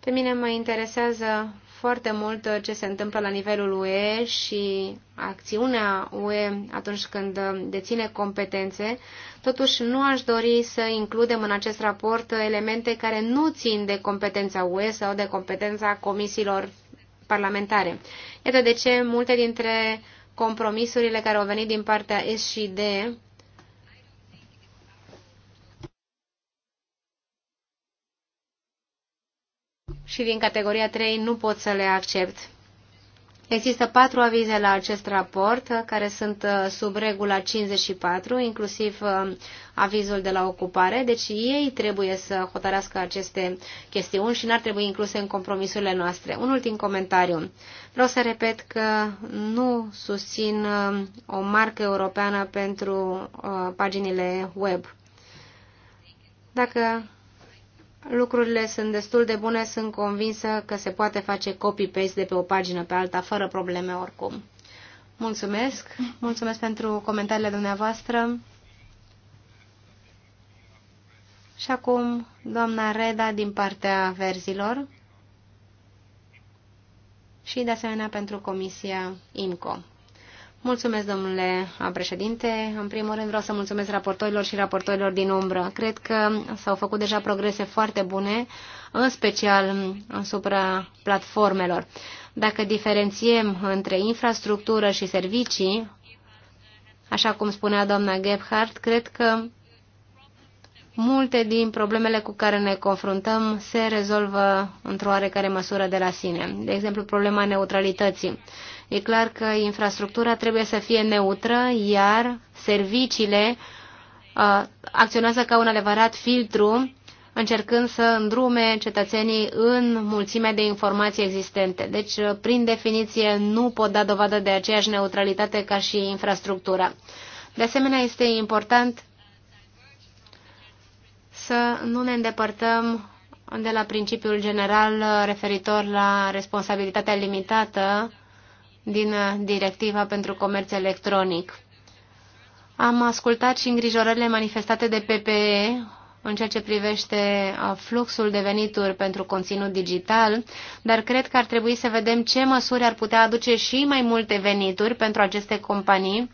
Pe mine mă interesează foarte mult uh, ce se întâmplă la nivelul UE și acțiunea UE atunci când uh, deține competențe. Totuși, nu aș dori să includem în acest raport elemente care nu țin de competența UE sau de competența comisiilor parlamentare. Iată de ce multe dintre uh, compromisurile care au venit din partea S și D, și din categoria 3 nu pot să le accept. Există patru avize la acest raport, uh, care sunt uh, sub regula 54, inclusiv uh, avizul de la ocupare, deci ei trebuie să hotărească aceste chestiuni și n-ar trebui incluse în compromisurile noastre. Un ultim comentariu. Vreau să repet că nu susțin o marcă europeană pentru paginile web. Dacă Lucrurile sunt destul de bune, sunt convinsă că se poate face copy-paste de pe o pagină pe alta, fără probleme oricum. Mulțumesc, mulțumesc pentru comentariile dumneavoastră. Și acum, doamna Reda din partea verzilor și de asemenea pentru Comisia IMCO. Mulțumesc, domnule președinte. În primul rând vreau să mulțumesc raportorilor și raportorilor din umbră. Cred că s-au făcut deja progrese foarte bune, în special asupra platformelor. Dacă diferențiem între infrastructură și servicii, așa cum spunea doamna Gebhardt, cred că multe din problemele cu care ne confruntăm se rezolvă într-o oarecare măsură de la sine. De exemplu, problema neutralității. E clar că infrastructura trebuie să fie neutră, iar serviciile uh, acționează ca un adevărat filtru, încercând să îndrume cetățenii în mulțimea de informații existente. Deci, uh, prin definiție, nu pot da dovadă de aceeași neutralitate ca și infrastructura. De asemenea, este important să nu ne îndepărtăm de la principiul general uh, referitor la responsabilitatea limitată din uh, Directiva pentru Comerț Electronic. Am ascultat și îngrijorările manifestate de PPE în ceea ce privește uh, fluxul de venituri pentru conținut digital, dar cred că ar trebui să vedem ce măsuri ar putea aduce și mai multe venituri pentru aceste companii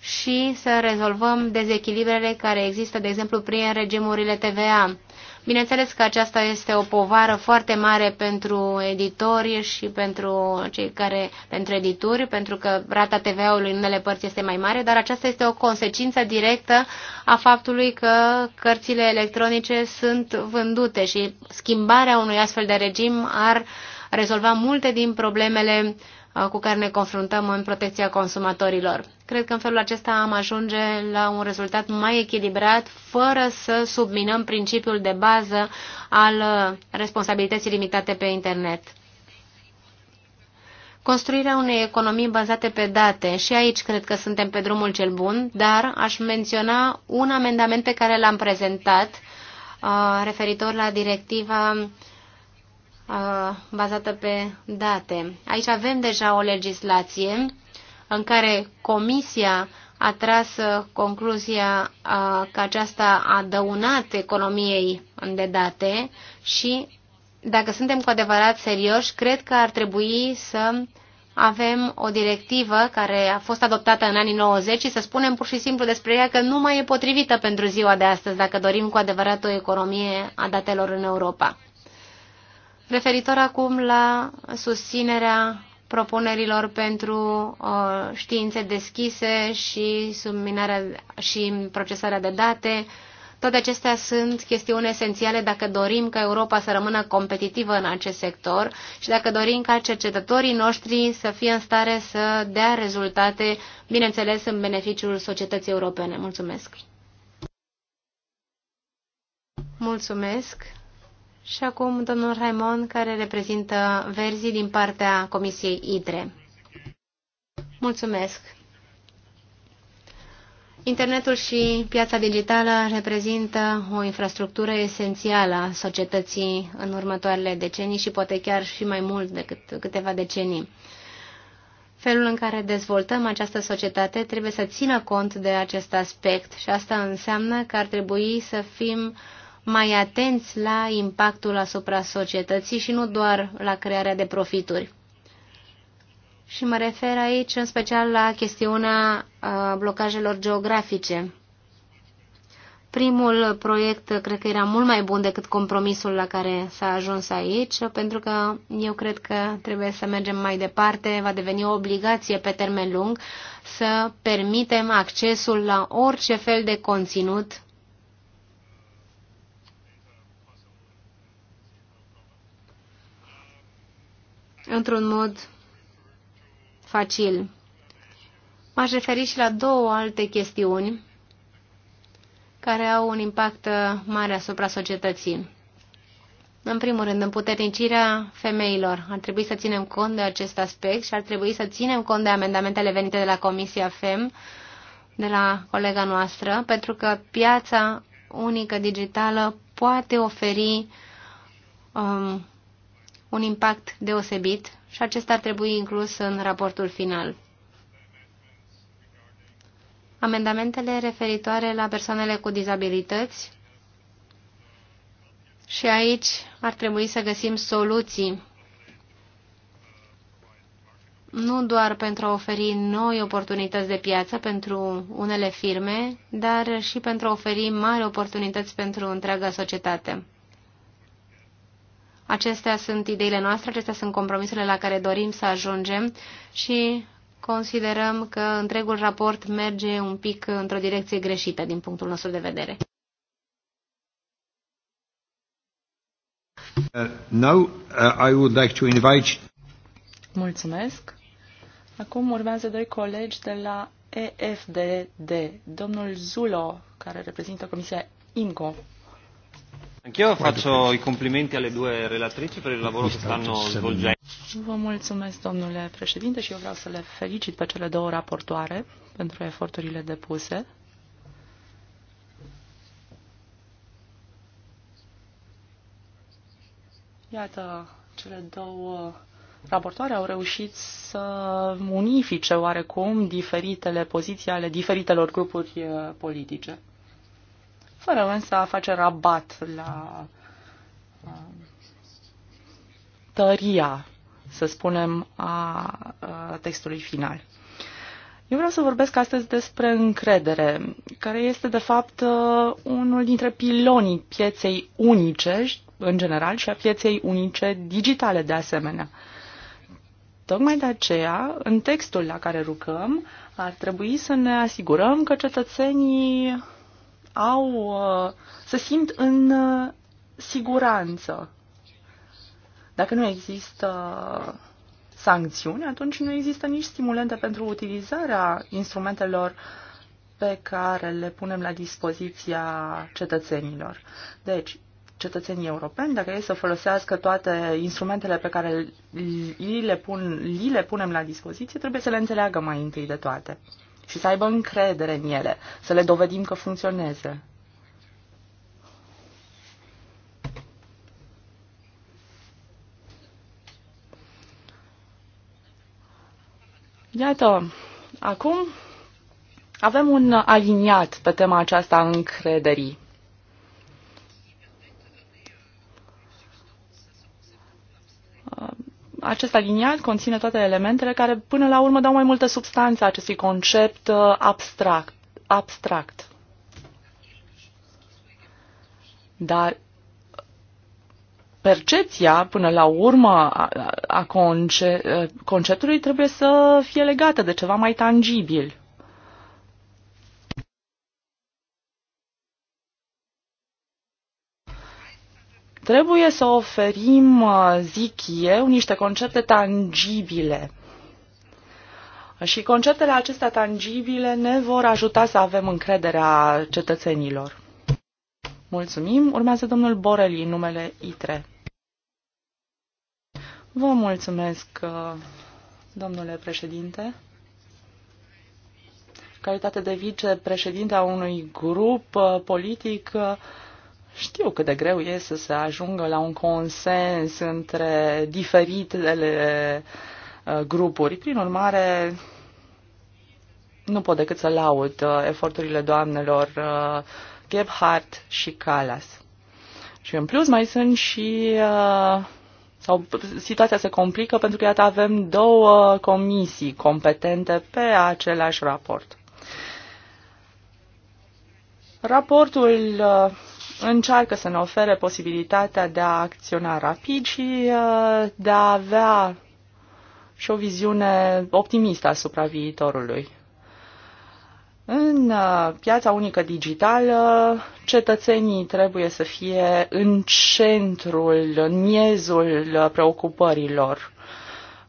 și să rezolvăm dezechilibrele care există, de exemplu, prin regimurile TVA. Bineînțeles că aceasta este o povară foarte mare pentru editori și pentru cei care, pentru edituri, pentru că rata TVA-ului în unele părți este mai mare, dar aceasta este o consecință directă a faptului că cărțile electronice sunt vândute și schimbarea unui astfel de regim ar rezolva multe din problemele uh, Uh, cu care ne confruntăm în protecția consumatorilor. Cred că în felul acesta am ajunge la un rezultat mai echilibrat, fără să subminăm principiul de bază al uh, responsabilității limitate pe internet. Construirea unei economii bazate pe date, și aici cred că suntem pe drumul cel bun, dar aș menționa un amendament pe care l-am prezentat uh, referitor la directiva bazată pe date. Aici avem deja o legislație în care Comisia a tras uh, concluzia că aceasta a dăunat economiei de date și dacă suntem cu adevărat serioși, cred că ar trebui să avem o directivă care a fost adoptată în anii 90 și să spunem pur și simplu despre ea că nu mai e potrivită pentru ziua de astăzi dacă dorim cu adevărat o economie a datelor în Europa. Referitor acum la susținerea propunerilor pentru uh, științe deschise și subminarea și procesarea de date. Toate acestea sunt chestiuni esențiale dacă dorim ca Europa să rămână competitivă în acest sector și dacă dorim ca cercetătorii noștri să fie în stare să dea rezultate, bineînțeles, în beneficiul societății europene. Mulțumesc! Mulțumesc! Și acum domnul Raimond, care reprezintă verzii din partea Comisiei IDRE. Mulțumesc! Internetul și piața digitală reprezintă o infrastructură esențială a societății în următoarele decenii și poate chiar și mai mult decât câteva decenii. Felul în care dezvoltăm această societate trebuie să țină cont de acest aspect și asta înseamnă că ar trebui să fim uh, mai atenți la impactul asupra societății și nu doar la crearea de profituri. Și mă refer aici în special la chestiunea uh, blocajelor geografice. Primul proiect cred că era mult mai bun decât compromisul la care s-a ajuns aici, pentru că eu cred că trebuie să mergem mai departe, va deveni o obligație pe termen lung să permitem accesul la orice fel de conținut într-un mod facil. M-aș referi și la două alte chestiuni care au un impact mare asupra societății. În primul rând, împuternicirea femeilor. Ar trebui să ținem cont de acest aspect și ar trebui să ținem cont de amendamentele venite de la Comisia FEM, de la colega noastră, pentru că piața unică digitală poate oferi um, un impact deosebit și acesta ar trebui inclus în raportul final. Amendamentele referitoare la persoanele cu dizabilități și aici ar trebui să găsim soluții nu doar pentru a oferi noi oportunități de piață pentru unele firme, dar și pentru a oferi mari oportunități pentru întreaga societate. Acestea sunt ideile noastre, acestea sunt compromisurile la care dorim să ajungem și considerăm că întregul raport merge un pic într-o direcție greșită din punctul nostru de vedere. Uh, now, uh, I would like to invite... Mulțumesc. Acum urmează doi colegi de la EFDD, domnul Zulo, care reprezintă Comisia INCO. Anch'io faccio i complimenti alle due relatrici per il lavoro che stanno svolgendo. Vă mulțumesc, domnule președinte, și eu vreau să le felicit pe cele două raportoare pentru eforturile depuse. Iată, cele două raportoare au reușit să unifice oarecum diferitele poziții ale diferitelor grupuri eh, politice fără însă a face rabat la uh, tăria, să spunem, a textului final. Eu vreau să vorbesc astăzi despre încredere, care este de fapt uh, unul dintre pilonii pieței unice, în general, și a pieței unice digitale de asemenea. Tocmai de aceea, în textul la care rucăm, ar trebui să ne asigurăm că cetățenii au, uh, se simt în uh, siguranță. Dacă nu există sancțiuni, atunci nu există nici stimulente pentru utilizarea instrumentelor pe care le punem la dispoziția cetățenilor. Deci, cetățenii europeni, dacă ei să folosească toate instrumentele pe care li le, pun, li le punem la dispoziție, trebuie să le înțeleagă mai întâi de toate și să aibă încredere în ele, să le dovedim că funcționeze. Iată, acum avem un aliniat pe tema aceasta încrederii. acest aliniat conține toate elementele care până la urmă dau mai multă substanță acestui concept uh, abstract. abstract. Dar percepția, până la urmă, a uh, conceptului trebuie să fie legată de ceva mai tangibil. Trebuie să oferim, uh, zic eu, niște concepte tangibile. Și conceptele acestea tangibile ne vor ajuta să avem încrederea cetățenilor. Mulțumim. Urmează domnul Boreli, numele ITRE. Vă mulțumesc, uh, domnule președinte. Calitate de vicepreședinte a unui grup uh, politic, știu cât de greu e să se ajungă la un consens între diferitele uh, grupuri. Prin urmare, nu pot decât să laud uh, eforturile doamnelor uh, Gebhardt și Callas. Și în plus mai sunt și sau situația se complică pentru că iată avem două comisii competente pe același raport. Raportul încearcă să ne ofere posibilitatea de a acționa rapid și uh, de a avea și o viziune optimistă asupra viitorului. În uh, piața unică digitală, cetățenii trebuie să fie în centrul, în miezul uh, preocupărilor.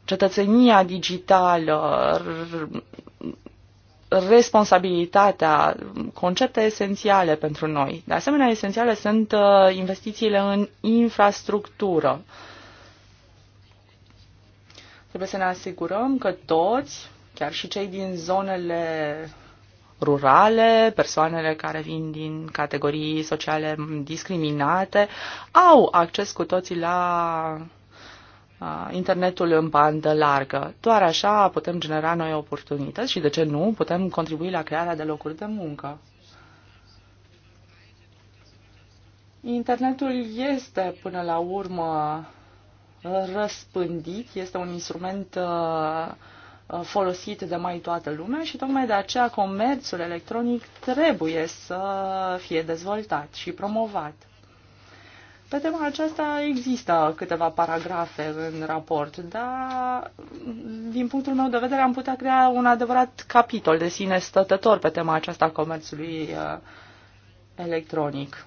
Cetățenia digitală, responsabilitatea, concepte esențiale pentru noi. De asemenea, esențiale sunt uh, investițiile în infrastructură. Trebuie să ne asigurăm că toți, chiar și cei din zonele rurale, persoanele care vin din categorii sociale discriminate, au acces cu toții la internetul în bandă largă. Doar așa putem genera noi oportunități și, de ce nu, putem contribui la crearea de locuri de muncă. Internetul este, până la urmă, răspândit, este un instrument uh, uh, folosit de mai toată lumea și tocmai de aceea comerțul electronic trebuie să fie dezvoltat și promovat. Pe tema aceasta există câteva paragrafe în raport, dar din punctul meu de vedere am putea crea un adevărat capitol de sine stătător pe tema aceasta a comerțului uh, electronic.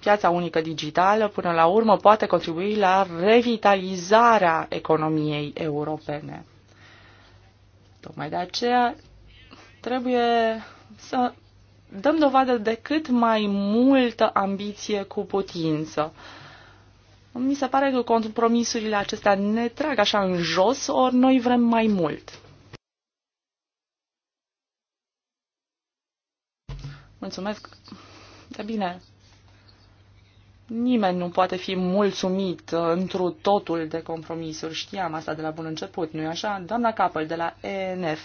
Piața unică digitală, până la urmă, poate contribui la revitalizarea economiei europene. Tocmai de aceea trebuie să dăm dovadă de cât mai multă ambiție cu putință. Mi se pare că compromisurile acestea ne trag așa în jos, ori noi vrem mai mult. Mulțumesc. Da bine. Nimeni nu poate fi mulțumit uh, întru totul de compromisuri. Știam asta de la bun început, nu-i așa? Doamna Capăl, de la ENF.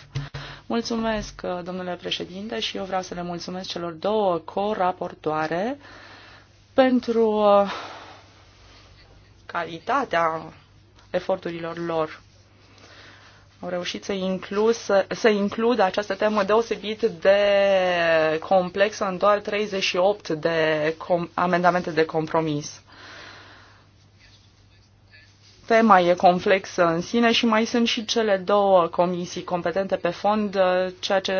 Mulțumesc, domnule președinte, și eu vreau să le mulțumesc celor două co-raportoare pentru uh, calitatea eforturilor lor. Au reușit să, inclus, să, să includă această temă deosebit de complexă în doar 38 de com, amendamente de compromis tema e complexă în sine și mai sunt și cele două comisii competente pe fond, uh, ceea ce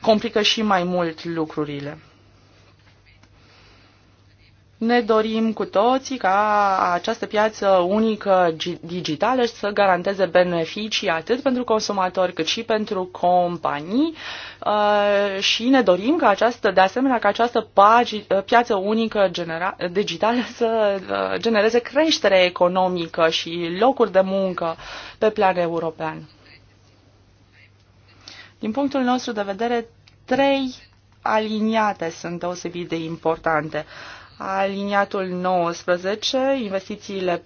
complică și mai mult lucrurile. Ne dorim cu toții ca această piață unică digitală să garanteze beneficii atât pentru consumatori cât și pentru companii uh, și ne dorim ca această, de asemenea ca această piață unică digitală să uh, genereze creștere economică și locuri de muncă pe plan european. Din punctul nostru de vedere, trei aliniate sunt deosebit de importante. Uh, Aliniatul 19, investițiile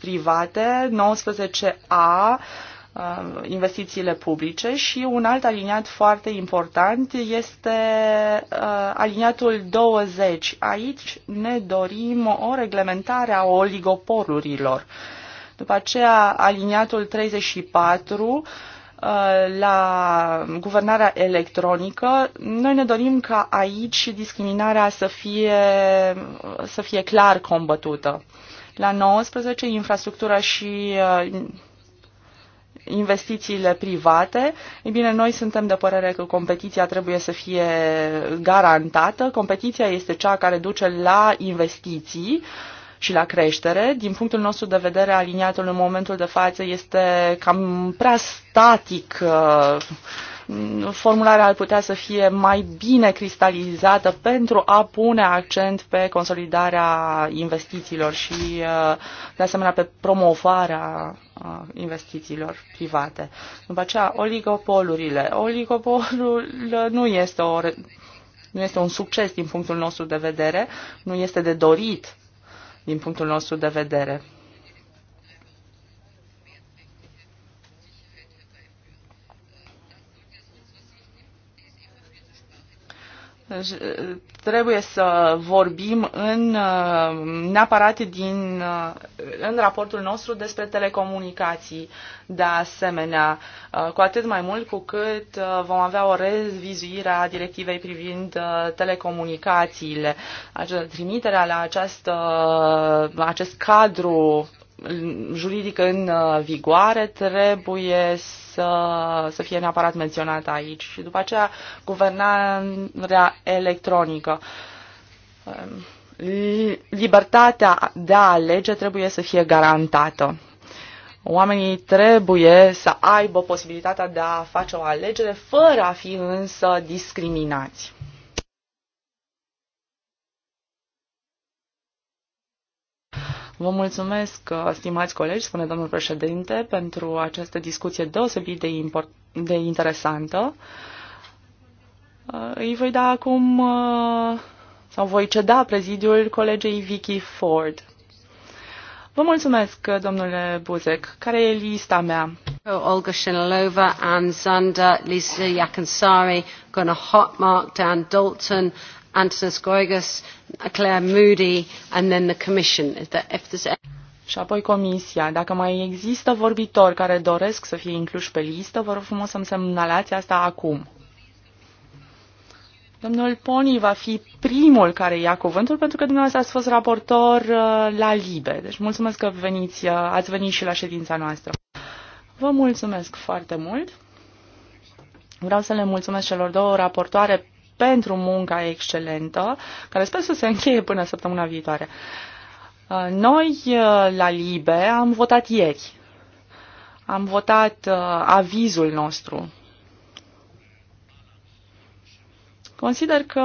private, 19A, uh, investițiile publice și un alt aliniat foarte important este uh, aliniatul 20. Aici ne dorim o reglementare a oligopolurilor. După aceea, aliniatul 34 Uh, la guvernarea electronică, noi ne dorim ca aici discriminarea să fie, să fie clar combătută. La 19, infrastructura și uh, investițiile private, ei bine, noi suntem de părere că competiția trebuie să fie garantată. Competiția este cea care duce la investiții. Uh, și la creștere. Din punctul nostru de vedere, aliniatul în momentul de față este cam prea static. Uh, formularea ar putea să fie mai bine cristalizată pentru a pune accent pe consolidarea investițiilor și, uh, de asemenea, pe promovarea uh, investițiilor private. După aceea, oligopolurile. Oligopolul nu este o nu este un succes din punctul nostru de vedere, nu este de dorit din punctul nostru de vedere. Deci, eh, trebuie să vorbim în eh, neapărat din, eh, în raportul nostru despre telecomunicații. De asemenea, cu atât mai mult cu cât vom avea o revizuire a directivei privind telecomunicațiile, trimiterea la această, acest cadru juridică în uh, vigoare trebuie să, să fie neapărat menționată aici. Și după aceea, guvernarea electronică. Um, libertatea de a alege trebuie să fie garantată. Oamenii trebuie să aibă posibilitatea de a face o alegere fără a fi însă discriminați. Vă mulțumesc, uh, stimați colegi, spune domnul președinte, pentru această discuție deosebit de, import, de interesantă. Uh, îi voi da acum, uh, sau voi ceda prezidiul colegei Vicky Ford. Vă mulțumesc, domnule Buzek. Care e lista mea? Olga Shenalova, Anne Zander, Lisa Yakansari, Gunnar Hotmark, Dan Dalton, Antonis Goigas, Claire Moody and then the Commission. If there's... Și apoi Comisia. Dacă mai există vorbitori care doresc să fie incluși pe listă, vă rog frumos să-mi semnalați asta acum. Domnul Pony va fi primul care ia cuvântul pentru că dumneavoastră ați fost raportor uh, la LIBE. Deci mulțumesc că veniți, uh, ați venit și la ședința noastră. Vă mulțumesc foarte mult. Vreau să le mulțumesc celor două raportoare pentru munca excelentă, care sper să se încheie până săptămâna viitoare. Uh, noi, uh, la LIBE, am votat ieri. Am votat uh, avizul nostru. Consider că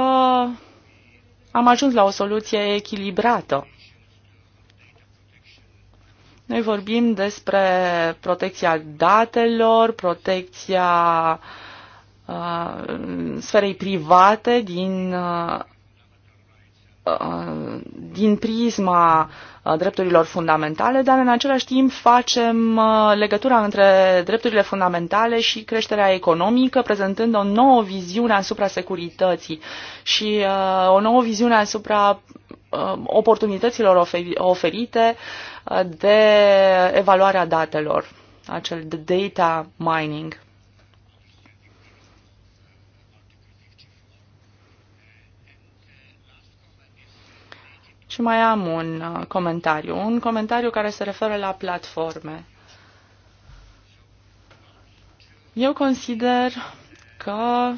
am ajuns la o soluție echilibrată. Noi vorbim despre protecția datelor, protecția uh, Uh, sferei private, din, uh, uh, din prisma drepturilor fundamentale, dar în același timp facem legătura între drepturile fundamentale și creșterea economică, prezentând o nouă viziune asupra securității și o nouă viziune asupra oportunităților oferite de evaluarea datelor, acel data mining. Și mai am un uh, comentariu, un comentariu care se referă la platforme. Eu consider că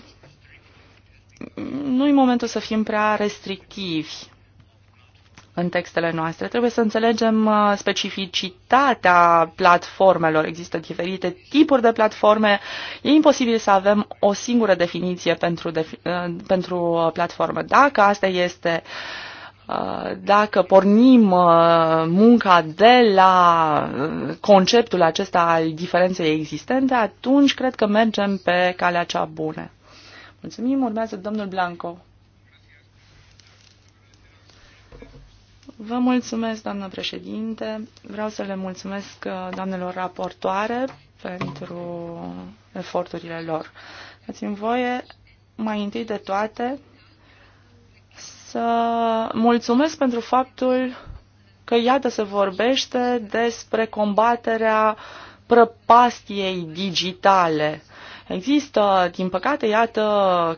nu-i momentul să fim prea restrictivi în textele noastre. Trebuie să înțelegem uh, specificitatea platformelor. Există diferite tipuri de platforme. E imposibil să avem o singură definiție pentru, defi- uh, pentru platformă. Dacă asta este uh, dacă pornim uh, munca de la uh, conceptul acesta al diferenței existente, atunci cred că mergem pe calea cea bună. Mulțumim, urmează domnul Blanco. Vă mulțumesc, doamnă președinte. Vreau să le mulțumesc uh, doamnelor raportoare pentru eforturile lor. Dați-mi voie, mai întâi de toate, să mulțumesc pentru faptul că, iată, se vorbește despre combaterea prăpastiei digitale. Există, din păcate, iată,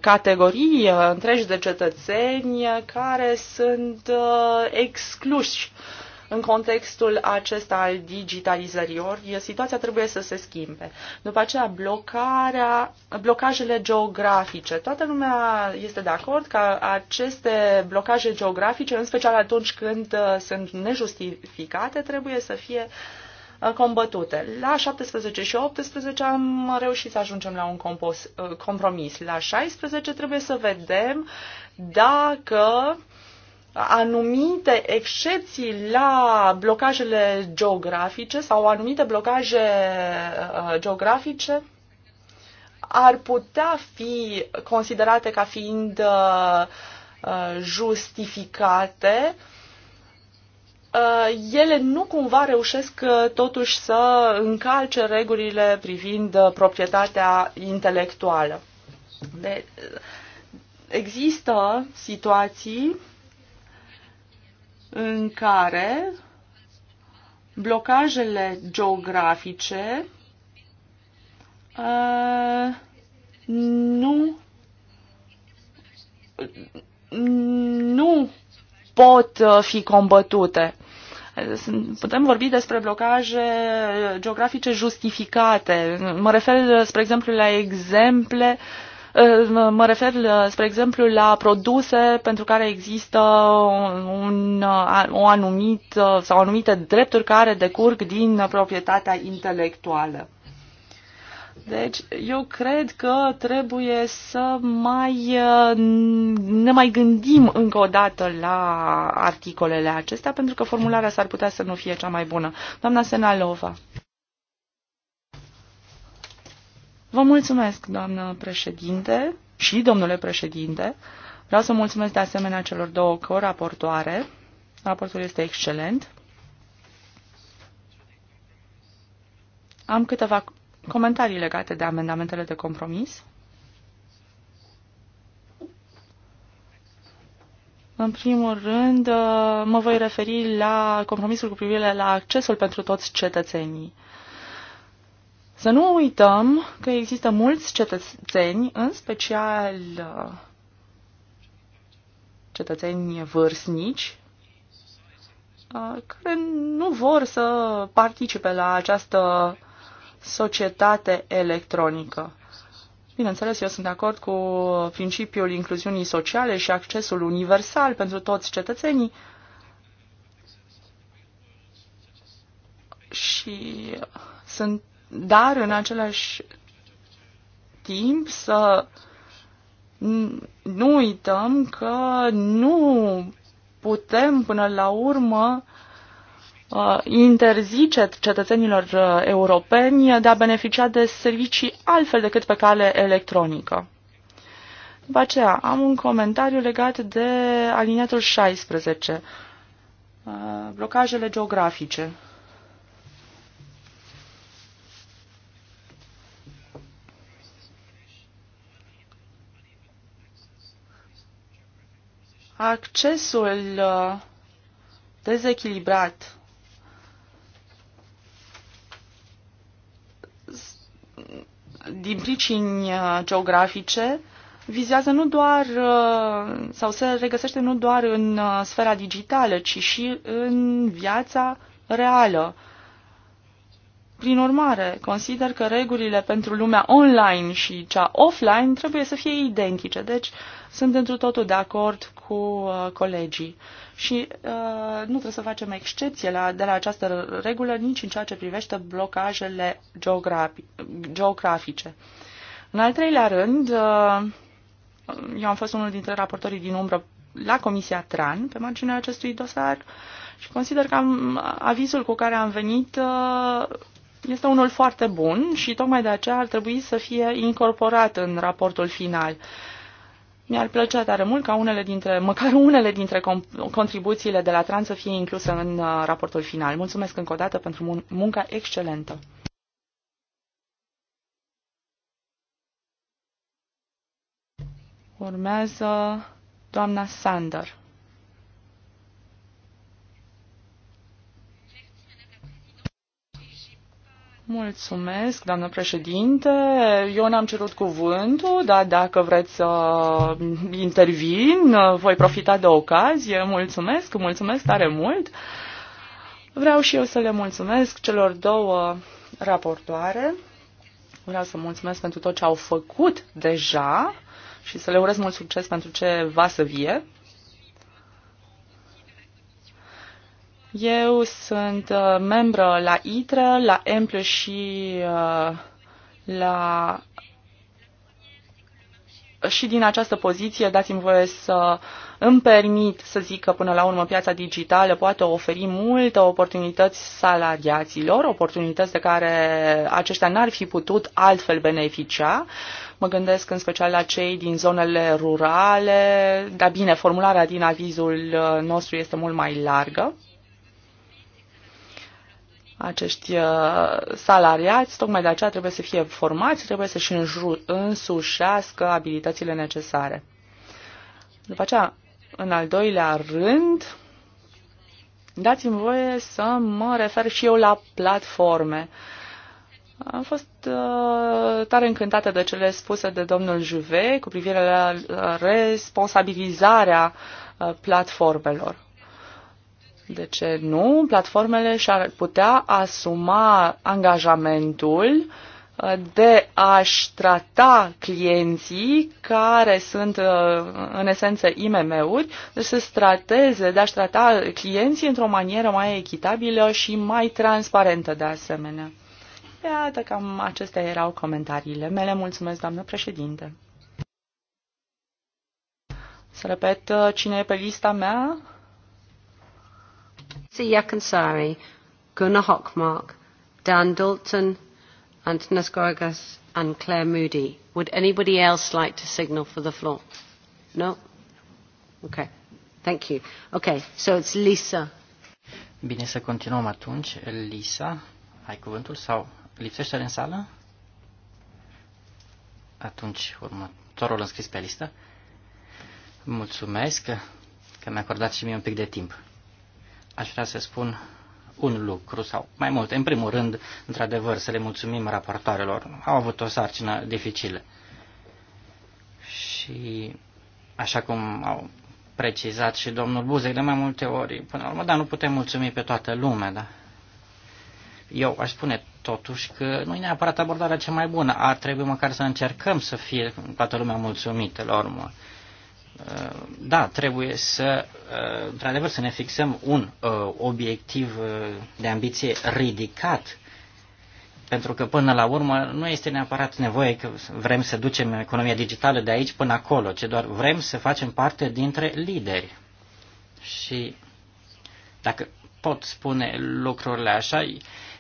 categorii întregi de cetățeni care sunt uh, excluși uh, în contextul acesta al digitalizării, situația trebuie să se schimbe. După aceea, blocarea, blocajele geografice. Toată lumea este de acord că aceste blocaje geografice, în special atunci când uh, sunt nejustificate, trebuie să fie uh, combătute. La 17 și 18 am reușit să ajungem la un compos, uh, compromis. La 16 trebuie să vedem dacă uh, anumite excepții la blocajele geografice sau anumite blocaje uh, geografice ar putea fi considerate ca fiind uh, uh, justificate, ele nu cumva reușesc totuși să încalce regulile privind proprietatea intelectuală. De, deci, există situații în care blocajele geografice nu nu pot uh, fi combătute. Putem vorbi despre blocaje geografice justificate. Mă refer, spre exemplu, la exemple Mă refer, uh, spre exemplu, la produse pentru care există un, uh, o anumit, uh, sau anumite drepturi care decurg din proprietatea intelectuală. Deci, eu cred că trebuie să mai ne mai gândim încă o dată la articolele acestea, pentru că formularea s-ar putea să nu fie cea mai bună. Doamna Senalova. Vă mulțumesc, doamnă președinte și domnule președinte. Vreau să mulțumesc de asemenea celor două co-raportoare. Raportul este excelent. Am câteva comentarii legate de amendamentele de compromis. În primul rând, mă voi referi la compromisul cu privire la accesul pentru toți cetățenii. Să nu uităm că există mulți cetățeni, în special uh, cetățeni vârstnici, uh, care nu vor să participe la această societate electronică. Bineînțeles, eu sunt de acord cu principiul incluziunii sociale și accesul universal pentru toți cetățenii și sunt dar în același timp să nu uităm că nu putem până la urmă uh, interzice cetățenilor uh, europeni de a beneficia de servicii altfel decât pe cale electronică. După aceea, am un comentariu legat de aliniatul 16, uh, blocajele geografice. accesul uh, dezechilibrat din pricini uh, geografice vizează nu doar uh, sau se regăsește nu doar în sfera digitală, ci și în viața reală. Prin urmare, consider că regulile pentru lumea online și cea offline trebuie să fie identice, deci sunt întru totul de acord cu uh, colegii. Și uh, nu trebuie să facem excepție la, de la această regulă nici în ceea ce privește blocajele geografice. În al treilea rând, uh, eu am fost unul dintre raportorii din umbră la Comisia TRAN pe marginea acestui dosar și consider că am, avizul cu care am venit uh, este unul foarte bun și tocmai de aceea ar trebui să fie incorporat în raportul final. Mi-ar plăcea tare mult ca unele dintre, măcar unele dintre contribuțiile de la Tran să fie incluse în uh, raportul final. Mulțumesc încă o dată pentru mun munca excelentă. Urmează doamna Sander. Mulțumesc, doamnă președinte. Eu n-am cerut cuvântul, dar dacă vreți să intervin, voi profita de ocazie. Mulțumesc, mulțumesc tare mult. Vreau și eu să le mulțumesc celor două raportoare. Vreau să mulțumesc pentru tot ce au făcut deja și să le urez mult succes pentru ce va să vie. Eu sunt uh, membră la ITRE, la EMPLE și uh, la și din această poziție dați-mi voie să îmi permit să zic că până la urmă piața digitală poate oferi multe oportunități salariaților, oportunități de care aceștia n-ar fi putut altfel beneficia. Mă gândesc în special la cei din zonele rurale, dar bine, formularea din avizul uh, nostru este mult mai largă acești uh, salariați, tocmai de aceea trebuie să fie formați, trebuie să-și însușească abilitățile necesare. După aceea, în al doilea rând, dați-mi voie să mă refer și eu la platforme. Am fost uh, tare încântată de cele spuse de domnul Juve cu privire la responsabilizarea uh, platformelor. De ce nu? Platformele și-ar putea asuma angajamentul uh, de a-și trata clienții care sunt uh, în esență IMM-uri, deci să trateze, de a-și trata clienții într-o manieră mai echitabilă și mai transparentă de asemenea. Iată, cam acestea erau comentariile mele. Mulțumesc, doamnă președinte. Să repet uh, cine e pe lista mea. Siyakinsari, Gunnar Hockmark, Dan Dalton, and Nesgorgas and Claire Moody. Would anybody else like to signal for the floor? No? Okay. Thank you. Okay, so it's Lisa. Bine să continuăm atunci. Lisa, ai cuvântul sau lipsește în sală? Atunci, următorul înscris pe listă. Mulțumesc că mi-a acordat și mie un pic de timp aș vrea să spun un lucru sau mai multe. În primul rând, într-adevăr, să le mulțumim raportoarelor. Au avut o sarcină dificilă. Și așa cum au precizat și domnul Buzec de mai multe ori, până la urmă, dar nu putem mulțumi pe toată lumea, da? Eu aș spune totuși că nu e neapărat abordarea cea mai bună. Ar trebui măcar să încercăm să fie toată lumea mulțumită la urmă. Uh, da, trebuie să, uh, într-adevăr, să ne fixăm un uh, obiectiv de ambiție ridicat, pentru că până la urmă nu este neapărat nevoie că vrem să ducem economia digitală de aici până acolo, ci doar vrem să facem parte dintre lideri. Și dacă pot spune lucrurile așa,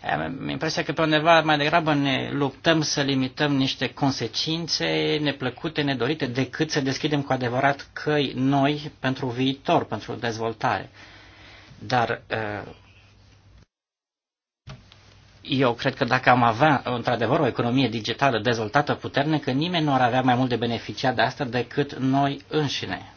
am impresia că pe undeva mai degrabă ne luptăm să limităm niște consecințe neplăcute, nedorite, decât să deschidem cu adevărat căi noi pentru viitor, pentru dezvoltare. Dar uh, eu cred că dacă am avea într-adevăr o economie digitală dezvoltată puternică, nimeni nu ar avea mai mult de beneficiat de asta decât noi înșine.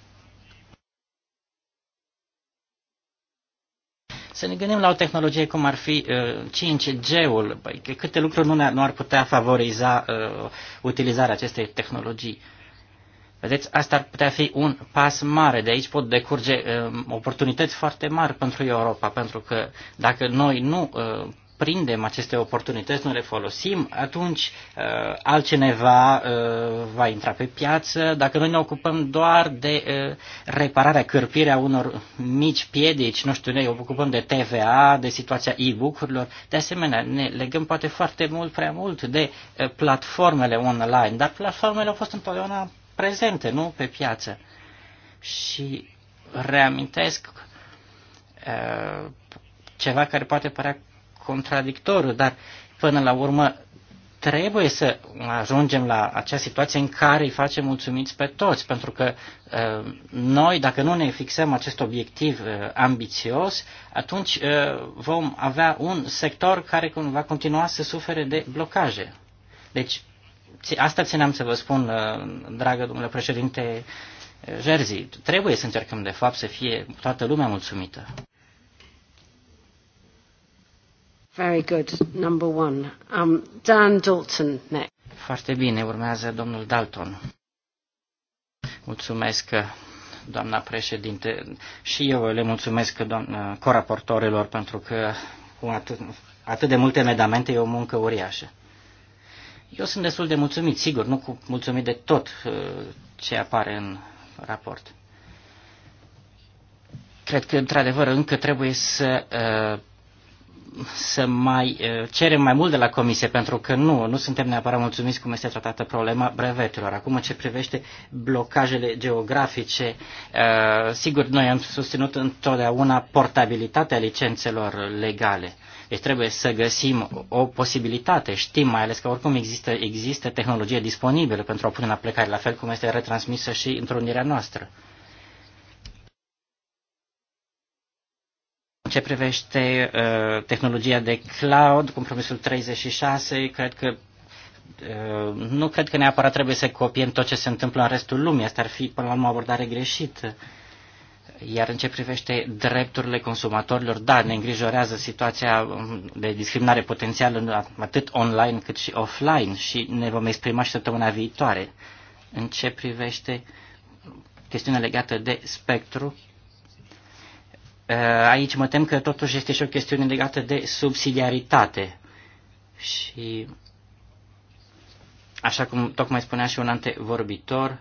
Să ne gândim la o tehnologie cum ar fi uh, 5G-ul. Păi, câte lucruri nu, nu ar putea favoriza uh, utilizarea acestei tehnologii. Vedeți, asta ar putea fi un pas mare. De aici pot decurge uh, oportunități foarte mari pentru Europa, pentru că dacă noi nu uh, prindem aceste oportunități, nu le folosim, atunci uh, altcineva uh, va intra pe piață. Dacă noi ne ocupăm doar de uh, repararea, cârpirea unor mici piedici, nu știu, ne ocupăm de TVA, de situația e-book-urilor, de asemenea, ne legăm poate foarte mult, prea mult de uh, platformele online, dar platformele au fost întotdeauna prezente, nu pe piață. Și reamintesc uh, ceva care poate părea contradictoriu, dar până la urmă trebuie să ajungem la acea situație în care îi facem mulțumiți pe toți, pentru că uh, noi, dacă nu ne fixăm acest obiectiv uh, ambițios, atunci uh, vom avea un sector care va continua să sufere de blocaje. Deci, asta țineam să vă spun, dragă domnule președinte Jerzy, trebuie să încercăm de fapt să fie toată lumea mulțumită. Very good, number one. Um, Dan Dalton next. Foarte bine, urmează domnul Dalton. Mulțumesc, doamna președinte. Și eu le mulțumesc doamna, coraportorilor pentru că cu atât, atât de multe medamente e o muncă uriașă. Eu sunt destul de mulțumit, sigur, nu cu mulțumit de tot uh, ce apare în raport. Cred că, într-adevăr, încă trebuie să uh, să mai eh, cerem mai mult de la Comisie, pentru că nu, nu suntem neapărat mulțumiți cum este tratată problema brevetelor. Acum, în ce privește blocajele geografice, eh, sigur, noi am susținut întotdeauna portabilitatea licențelor legale. Deci trebuie să găsim o posibilitate. Știm mai ales că oricum există, există tehnologie disponibilă pentru a pune în aplicare, la fel cum este retransmisă și întrunirea noastră. ce privește uh, tehnologia de cloud, compromisul 36, cred că uh, nu cred că neapărat trebuie să copiem tot ce se întâmplă în restul lumii. Asta ar fi, până la urmă, o abordare greșită. Iar în ce privește drepturile consumatorilor, da, ne îngrijorează situația de discriminare potențială atât online cât și offline și ne vom exprima și săptămâna viitoare. În ce privește chestiunea legată de spectru, Uh, aici mă tem că totuși este și o chestiune legată de subsidiaritate. Și așa cum tocmai spunea și un antevorbitor,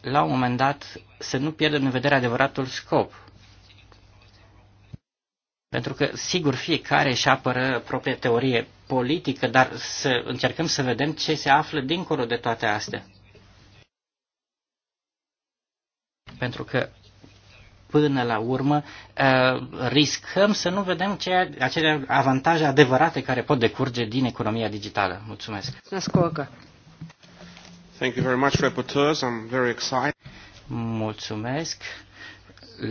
la un moment dat să nu pierdem în vedere adevăratul scop. Pentru că, sigur, fiecare își apără propria teorie politică, dar să încercăm să vedem ce se află dincolo de toate astea. Pentru că până la urmă uh, riscăm să nu vedem ceea, acele avantaje adevărate care pot decurge din economia digitală. Mulțumesc. Thank you very much, rapporteurs. I'm very excited. Mulțumesc.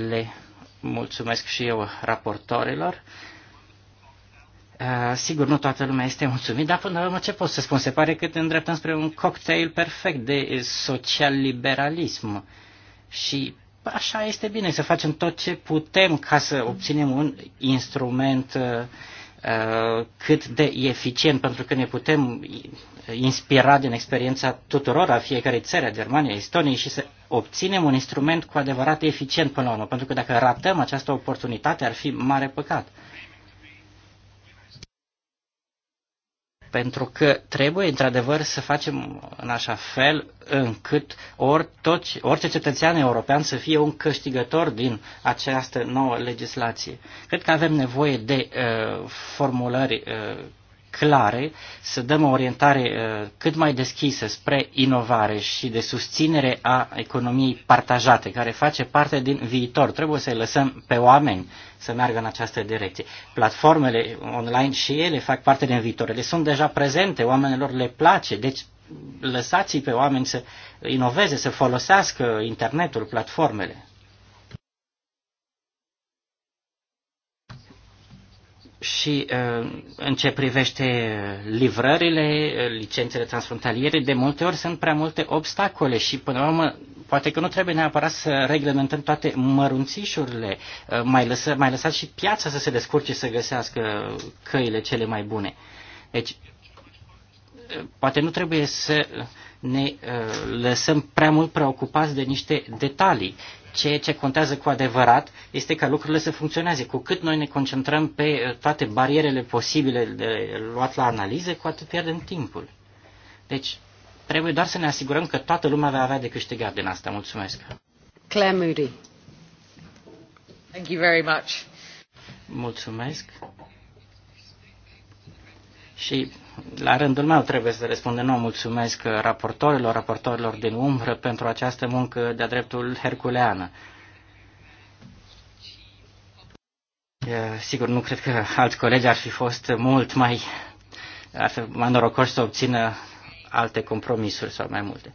Le mulțumesc și eu raportorilor. Uh, sigur, nu toată lumea este mulțumit, dar până la urmă ce pot să spun? Se pare că te îndreptăm spre un cocktail perfect de social-liberalism. Și așa este bine, să facem tot ce putem ca să obținem un instrument uh, uh, cât de eficient, pentru că ne putem inspira din experiența tuturor a fiecarei țări, a Germaniei, Estoniei și să obținem un instrument cu adevărat eficient până la urmă, pentru că dacă ratăm această oportunitate ar fi mare păcat. Pentru că trebuie, într-adevăr, să facem în așa fel încât ori toți, orice cetățean european să fie un câștigător din această nouă legislație. Cred că avem nevoie de uh, formulări uh, clare, să dăm o orientare uh, cât mai deschisă spre inovare și de susținere a economiei partajate, care face parte din viitor. Trebuie să-i lăsăm pe oameni să meargă în această direcție. Platformele online și ele fac parte din viitor. Ele sunt deja prezente, oamenilor le place, deci lăsați pe oameni să inoveze, să folosească internetul, platformele. Și uh, în ce privește livrările, licențele transfrontaliere, de multe ori sunt prea multe obstacole și până la urmă poate că nu trebuie neapărat să reglementăm toate mărunțișurile, uh, mai, lăsă, mai lăsați și piața să se descurce să găsească căile cele mai bune. Deci, uh, poate nu trebuie să ne uh, lăsăm prea mult preocupați de niște detalii. Ceea ce contează cu adevărat este ca lucrurile să funcționeze. Cu cât noi ne concentrăm pe uh, toate barierele posibile de luat la analize, cu atât pierdem timpul. Deci, trebuie doar să ne asigurăm că toată lumea va avea de câștigat din asta. Mulțumesc. Claire Moody. Thank you very much. Mulțumesc. Și la rândul meu trebuie să răspund nu mulțumesc raportorilor, raportorilor din umbră pentru această muncă de-a dreptul herculeană. Sigur, nu cred că alți colegi ar fi fost mult mai, ar fi mai norocoși să obțină alte compromisuri sau mai multe.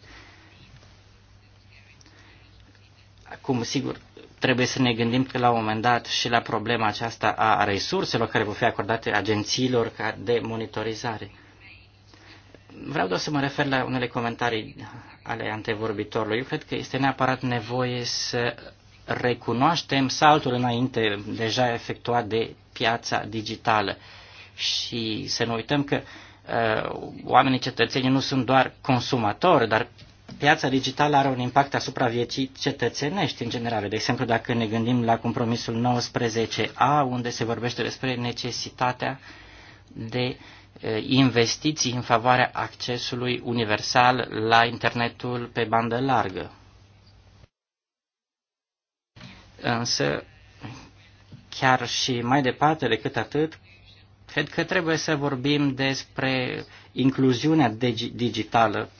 Acum, sigur, trebuie să ne gândim că la un moment dat și la problema aceasta a resurselor care vor fi acordate agențiilor de monitorizare. Vreau doar să mă refer la unele comentarii ale antevorbitorului. Eu cred că este neapărat nevoie să recunoaștem saltul înainte deja efectuat de piața digitală și să nu uităm că uh, oamenii cetățeni nu sunt doar consumatori, dar piața digitală are un impact asupra vieții cetățenești în general. De exemplu, dacă ne gândim la compromisul 19A, unde se vorbește despre necesitatea de investiții în favoarea accesului universal la internetul pe bandă largă. Însă, chiar și mai departe decât atât, cred că trebuie să vorbim despre incluziunea digitală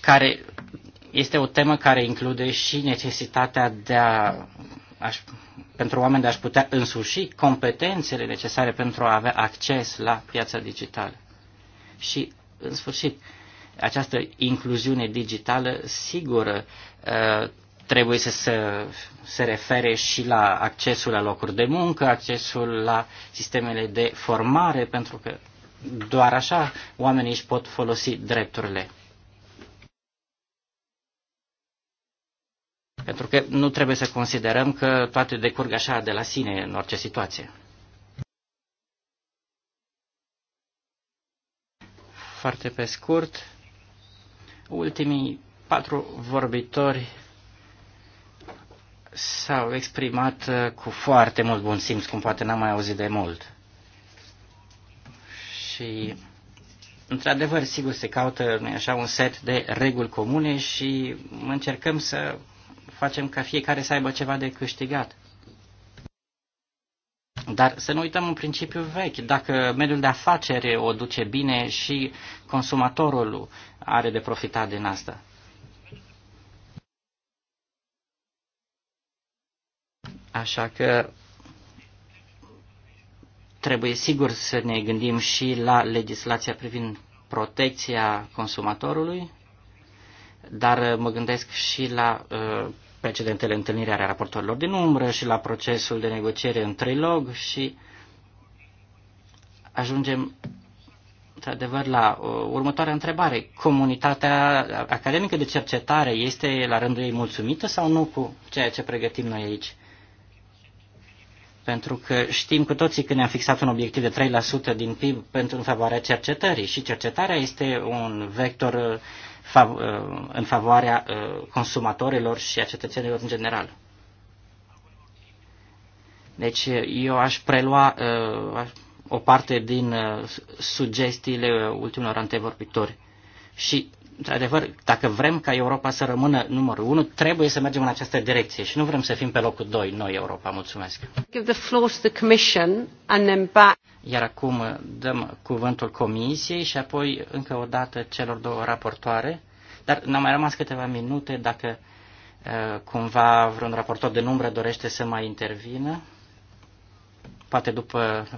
care este o temă care include și necesitatea de a, aș, pentru oameni de a-și putea însuși competențele necesare pentru a avea acces la piața digitală. Și, în sfârșit, această incluziune digitală sigură uh, trebuie să se, se refere și la accesul la locuri de muncă, accesul la sistemele de formare, pentru că doar așa oamenii își pot folosi drepturile. Pentru că nu trebuie să considerăm că toate decurg așa de la sine în orice situație. Foarte pe scurt, ultimii patru vorbitori s-au exprimat uh, cu foarte mult bun simț, cum poate n-am mai auzit de mult. Și, într-adevăr, sigur, se caută așa un set de reguli comune și încercăm să facem ca fiecare să aibă ceva de câștigat. Dar să nu uităm un principiu vechi. Dacă mediul de afacere o duce bine și consumatorul are de profitat din asta. Așa că trebuie sigur să ne gândim și la legislația privind protecția consumatorului, dar mă gândesc și la uh, precedentele întâlniri ale raportorilor din umbră și la procesul de negociere în trilog și ajungem într-adevăr la uh, următoarea întrebare. Comunitatea academică de cercetare este la rândul ei mulțumită sau nu cu ceea ce pregătim noi aici? Pentru că știm cu toții că ne-am fixat un obiectiv de 3% din PIB pentru în favoarea cercetării și cercetarea este un vector uh, Uh, în favoarea uh, consumatorilor și a cetățenilor în general. Deci uh, eu aș prelua o parte din sugestiile ultimilor antevorbitori. Și, într-adevăr, dacă vrem ca Europa să rămână numărul unu, trebuie să mergem în această direcție și nu vrem să fim pe locul doi, noi Europa. Mulțumesc. Give the floor to the Commission and then back. Iar acum uh, dăm cuvântul comisiei și apoi încă o dată celor două raportoare. Dar n au mai rămas câteva minute dacă uh, cumva vreun raportor de numbră dorește să mai intervină, poate după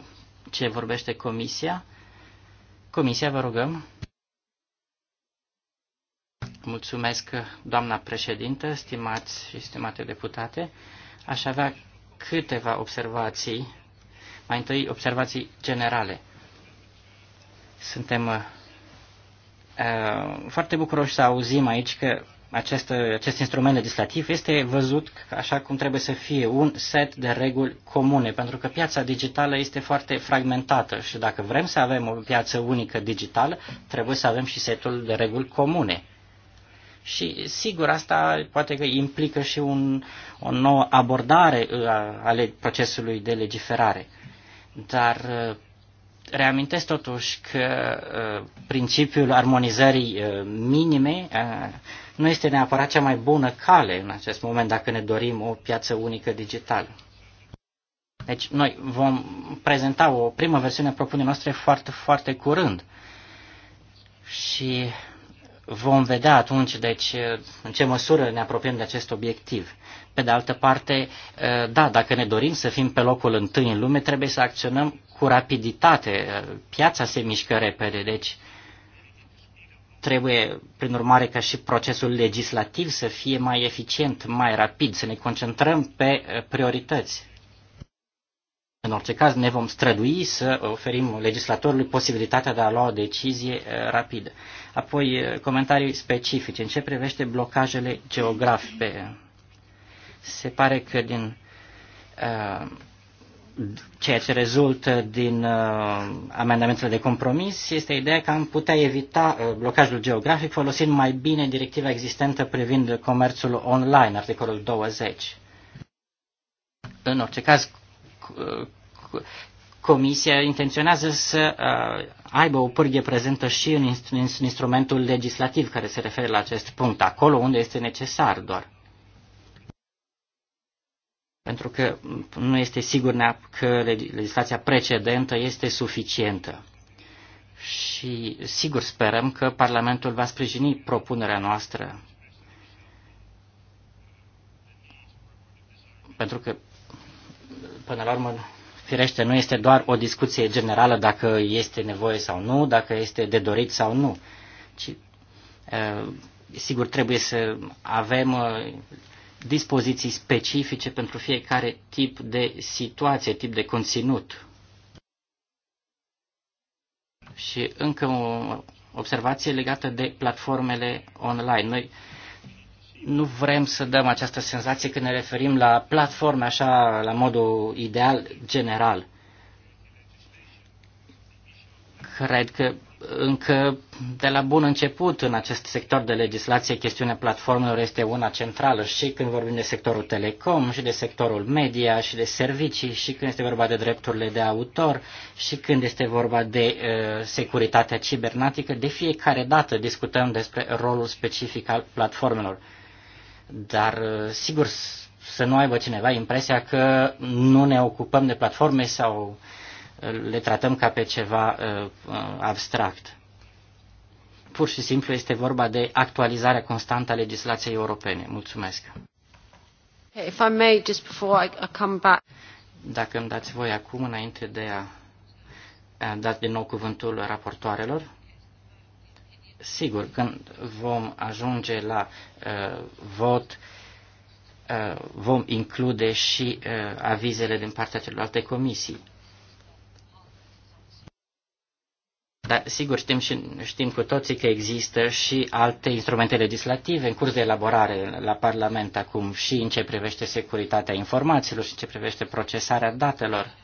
ce vorbește comisia. Comisia, vă rugăm. Mulțumesc, doamna președintă, stimați și stimate deputate. Aș avea câteva observații mai întâi, observații generale. Suntem uh, uh, foarte bucuroși să auzim aici că acest, uh, acest instrument legislativ este văzut așa cum trebuie să fie, un set de reguli comune, pentru că piața digitală este foarte fragmentată și dacă vrem să avem o piață unică digitală, trebuie să avem și setul de reguli comune. Și sigur, asta poate că implică și un, o nouă abordare uh, ale procesului de legiferare. Dar uh, reamintesc totuși că uh, principiul armonizării uh, minime nu este neapărat cea mai bună cale în acest moment dacă ne dorim o piață unică digitală. Deci noi vom prezenta o primă versiune a propunerii noastre foarte, foarte curând. Și vom vedea atunci deci, în ce măsură ne apropiem de acest obiectiv. Pe de altă parte, eh, da, dacă ne dorim să fim pe locul întâi în lume, trebuie să acționăm cu rapiditate. Piața se mișcă repede, deci trebuie, prin urmare, ca și procesul legislativ să fie mai eficient, mai rapid, să ne concentrăm pe eh, priorități. În orice caz, ne vom strădui să oferim legislatorului posibilitatea de a lua o decizie eh, rapidă. Apoi, comentarii specifice în ce privește blocajele geografice se pare că din uh, ceea ce rezultă din uh, amendamentele de compromis este ideea că am putea evita uh, blocajul geografic folosind mai bine directiva existentă privind comerțul online, articolul 20. În orice caz, Comisia intenționează să aibă o pârghie prezentă și în, instrumentul legislativ care se referă la acest punct, acolo unde este necesar doar pentru că nu este sigur că legislația precedentă este suficientă. Și sigur sperăm că Parlamentul va sprijini propunerea noastră. Pentru că, până la urmă, firește, nu este doar o discuție generală dacă este nevoie sau nu, dacă este de dorit sau nu, ci sigur trebuie să avem dispoziții specifice pentru fiecare tip de situație, tip de conținut. Și încă o observație legată de platformele online. Noi nu vrem să dăm această senzație când ne referim la platforme așa la modul ideal general. Cred că încă de la bun început în acest sector de legislație, chestiunea platformelor este una centrală și când vorbim de sectorul telecom și de sectorul media și de servicii și când este vorba de drepturile de autor și când este vorba de uh, securitatea cibernatică, de fiecare dată discutăm despre rolul specific al platformelor. Dar, uh, sigur, să nu aibă cineva impresia că nu ne ocupăm de platforme sau uh, le tratăm ca pe ceva uh, uh, abstract. Pur și simplu este vorba de actualizarea constantă a legislației europene. Mulțumesc. If I may, just before I come back. Dacă îmi dați voi acum, înainte de a da din nou cuvântul raportoarelor, sigur, când vom ajunge la uh, vot, uh, vom include și uh, avizele din partea celorlalte comisii. Dar sigur știm, și, știm cu toții că există și alte instrumente legislative în curs de elaborare la Parlament acum și în ce privește securitatea informațiilor și în ce privește procesarea datelor.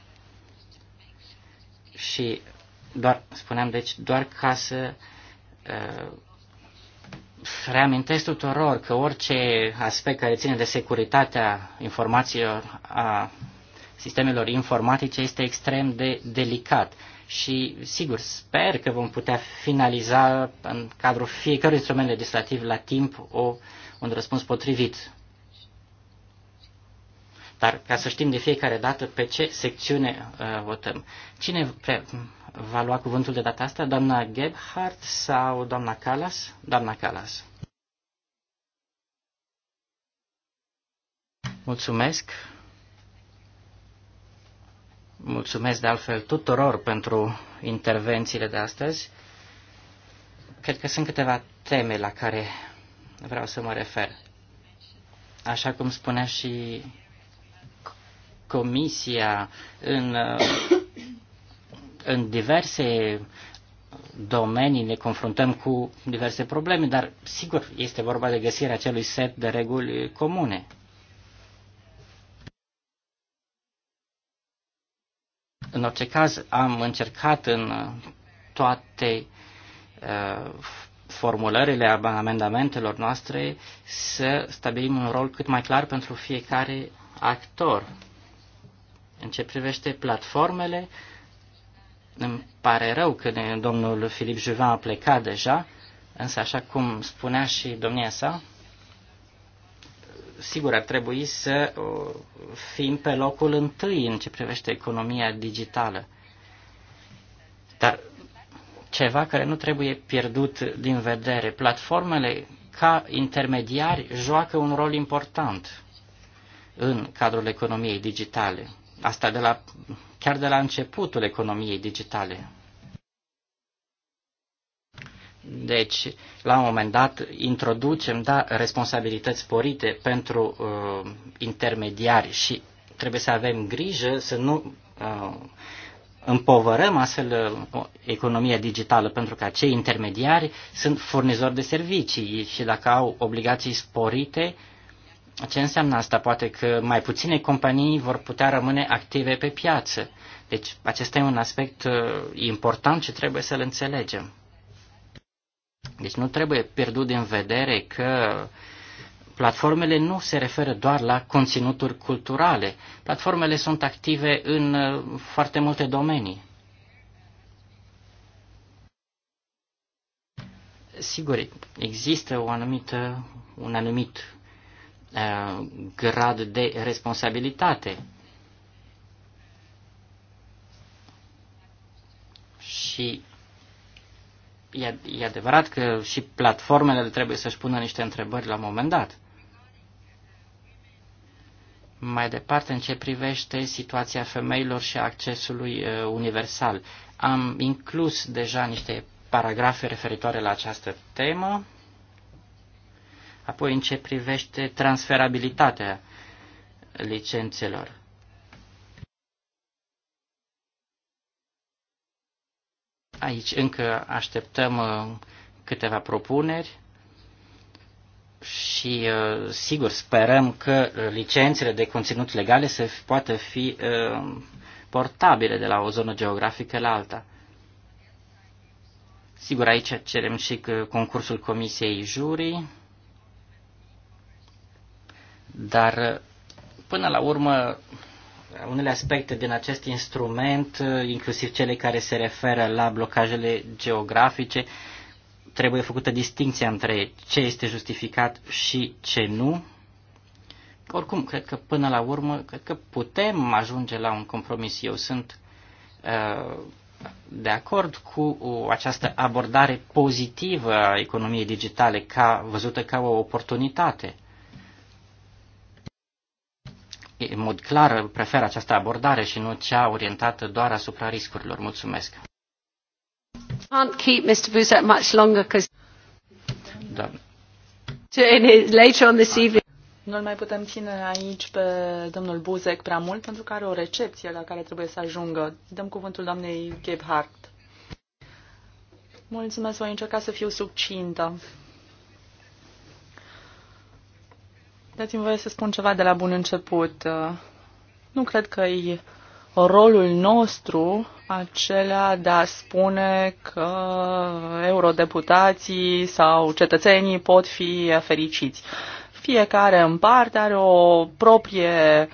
Și doar, spuneam deci, doar ca să uh, reamintesc tuturor că orice aspect care ține de securitatea informațiilor a sistemelor informatice este extrem de delicat. Și, sigur, sper că vom putea finaliza în cadrul fiecărui instrument legislativ la timp o, un răspuns potrivit. Dar ca să știm de fiecare dată pe ce secțiune uh, votăm. Cine pre- va lua cuvântul de data asta? Doamna Gebhardt sau doamna Calas? Doamna Calas. Mulțumesc. Mulțumesc de altfel tuturor pentru intervențiile de astăzi. Cred că sunt câteva teme la care vreau să mă refer. Așa cum spunea și Comisia în, în diverse domenii ne confruntăm cu diverse probleme, dar sigur este vorba de găsirea acelui set de reguli comune. În orice caz, am încercat în toate uh, formulările amendamentelor noastre să stabilim un rol cât mai clar pentru fiecare actor. În ce privește platformele, îmi pare rău că domnul Filip Juvin a plecat deja, însă așa cum spunea și domnia sa, sigur, ar trebui să uh, fim pe locul întâi în ce privește economia digitală. Dar ceva care nu trebuie pierdut din vedere. Platformele ca intermediari joacă un rol important în cadrul economiei digitale. Asta de la, chiar de la începutul economiei digitale. Deci, la un moment dat, introducem da, responsabilități sporite pentru uh, intermediari și trebuie să avem grijă să nu uh, împovărăm astfel uh, economia digitală, pentru că acei intermediari sunt furnizori de servicii și dacă au obligații sporite, ce înseamnă asta? Poate că mai puține companii vor putea rămâne active pe piață. Deci acesta e un aspect uh, important și trebuie să-l înțelegem. Deci nu trebuie pierdut din vedere că platformele nu se referă doar la conținuturi culturale. Platformele sunt active în uh, foarte multe domenii. Sigur, există o anumită, un anumit uh, grad de responsabilitate. Și e, e adevărat că și platformele trebuie să-și pună niște întrebări la un moment dat. Mai departe, în ce privește situația femeilor și accesului uh, universal, am inclus deja niște paragrafe referitoare la această temă. Apoi, în ce privește transferabilitatea licențelor. Aici încă așteptăm uh, câteva propuneri și uh, sigur sperăm că uh, licențele de conținut legale să poată fi portabile de la o zonă geografică la alta. Sigur, aici cerem și concursul Comisiei Jurii, dar până la urmă unele aspecte din acest instrument, uh, inclusiv cele care se referă la blocajele geografice, trebuie făcută distinția între ce este justificat și ce nu. Oricum, cred că până la urmă, cred că putem ajunge la un compromis. Eu sunt uh, de acord cu această abordare pozitivă a economiei digitale, ca, văzută ca o oportunitate în mod clar preferă această abordare și nu cea orientată doar asupra riscurilor. Mulțumesc. Can't keep Mr. Buzek much longer because later on this evening. Nu-l mai putem ține aici pe domnul Buzek prea mult pentru că are o recepție la care trebuie să ajungă. Dăm cuvântul doamnei Gebhardt. Mulțumesc, voi încerca să fiu subcintă. Dați-mi voie să spun ceva de la bun început. Nu cred că e rolul nostru acela de a spune că eurodeputații sau cetățenii pot fi fericiți. Fiecare în parte are o proprie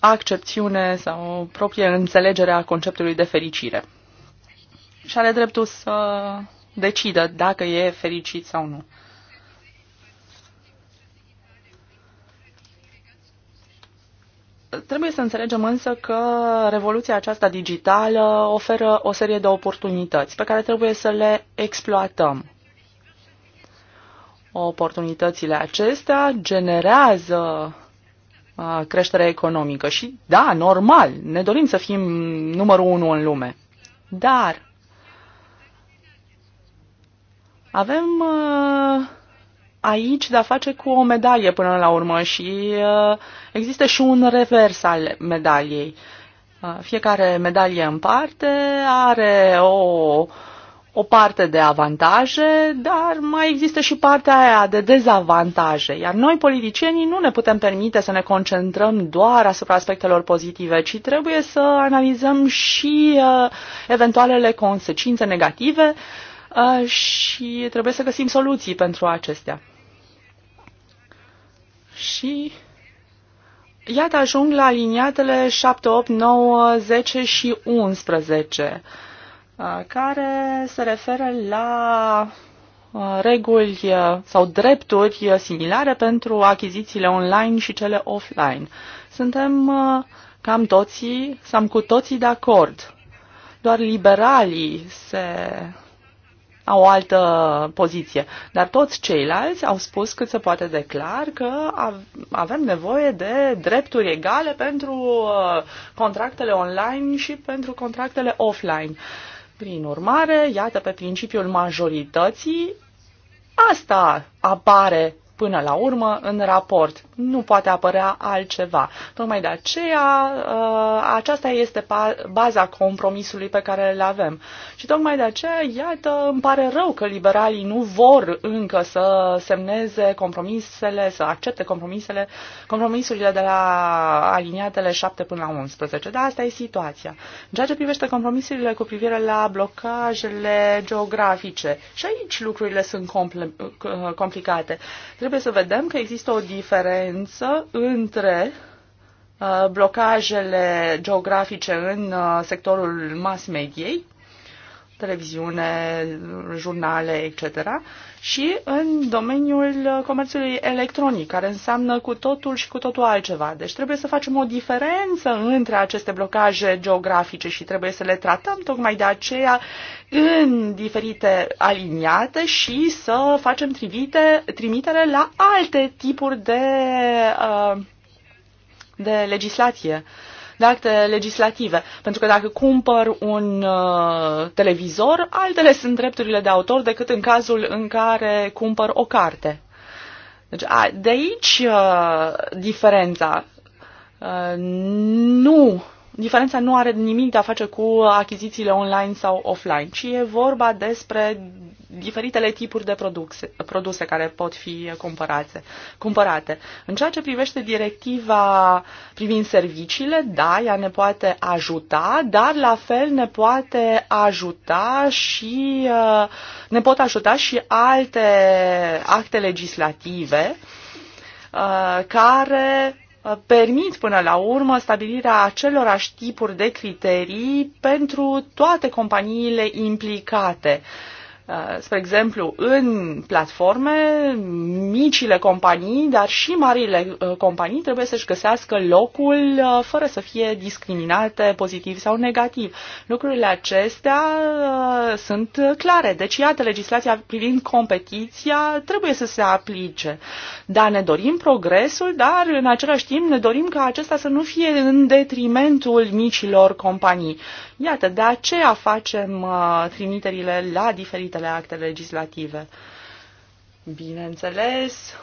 accepțiune sau o proprie înțelegere a conceptului de fericire. Și are dreptul să decidă dacă e fericit sau nu. Trebuie să înțelegem însă că revoluția aceasta digitală oferă o serie de oportunități pe care trebuie să le exploatăm. Oportunitățile acestea generează creștere economică și, da, normal, ne dorim să fim numărul unu în lume. Dar avem uh, aici de a face cu o medalie până la urmă și uh, există și un revers al medaliei. Uh, fiecare medalie în parte are o, o parte de avantaje, dar mai există și partea aia de dezavantaje. Iar noi, politicienii, nu ne putem permite să ne concentrăm doar asupra aspectelor pozitive, ci trebuie să analizăm și uh, eventualele consecințe negative uh, și trebuie să găsim soluții pentru acestea. Și iată ajung la aliniatele 7, 8, 9, 10 și 11, uh, care se referă la uh, reguli uh, sau drepturi similare pentru achizițiile online și cele offline. Suntem cam toții, sunt cu toții de acord. Doar liberalii se au o altă poziție. Dar toți ceilalți au spus cât se poate de clar că avem nevoie de drepturi egale pentru uh, contractele online și pentru contractele offline. Prin urmare, iată, pe principiul majorității, asta apare până la urmă în raport. Nu poate apărea altceva. Tocmai de aceea uh, aceasta este baza compromisului pe care îl avem. Și tocmai de aceea, iată, îmi pare rău că liberalii nu vor încă să semneze compromisele, să accepte compromisele, compromisurile de la aliniatele 7 până la 11. Dar asta e situația. În ceea ce privește compromisurile cu privire la blocajele geografice, și aici lucrurile sunt compl- uh, complicate trebuie să vedem că există o diferență între uh, blocajele geografice în uh, sectorul mass mediei, televiziune, jurnale, etc., și în domeniul comerțului electronic, care înseamnă cu totul și cu totul altceva. Deci trebuie să facem o diferență între aceste blocaje geografice și trebuie să le tratăm tocmai de aceea în diferite aliniate și să facem trivite, trimitere la alte tipuri de, uh, de legislație de acte legislative. Pentru că dacă cumpăr un uh, televizor, altele sunt drepturile de autor decât în cazul în care cumpăr o carte. Deci, a, de aici uh, diferența. Uh, nu diferența nu are nimic de a face cu achizițiile online sau offline, ci e vorba despre diferitele tipuri de produse, produse care pot fi cumpărate. cumpărate. În ceea ce privește directiva privind serviciile, da, ea ne poate ajuta, dar la fel ne poate ajuta și uh, ne pot ajuta și alte acte legislative uh, care uh, permit până la urmă stabilirea acelorași tipuri de criterii pentru toate companiile implicate. Uh, spre exemplu, în platforme, micile companii, dar și marile uh, companii trebuie să-și găsească locul uh, fără să fie discriminate pozitiv sau negativ. Lucrurile acestea sunt clare. Deci, iată, legislația privind competiția trebuie să se aplice. Dar ne dorim progresul, dar în același timp ne dorim ca acesta să nu fie în detrimentul micilor companii. Iată, de aceea facem trimiterile la diferite diferitele acte legislative. Bineînțeles,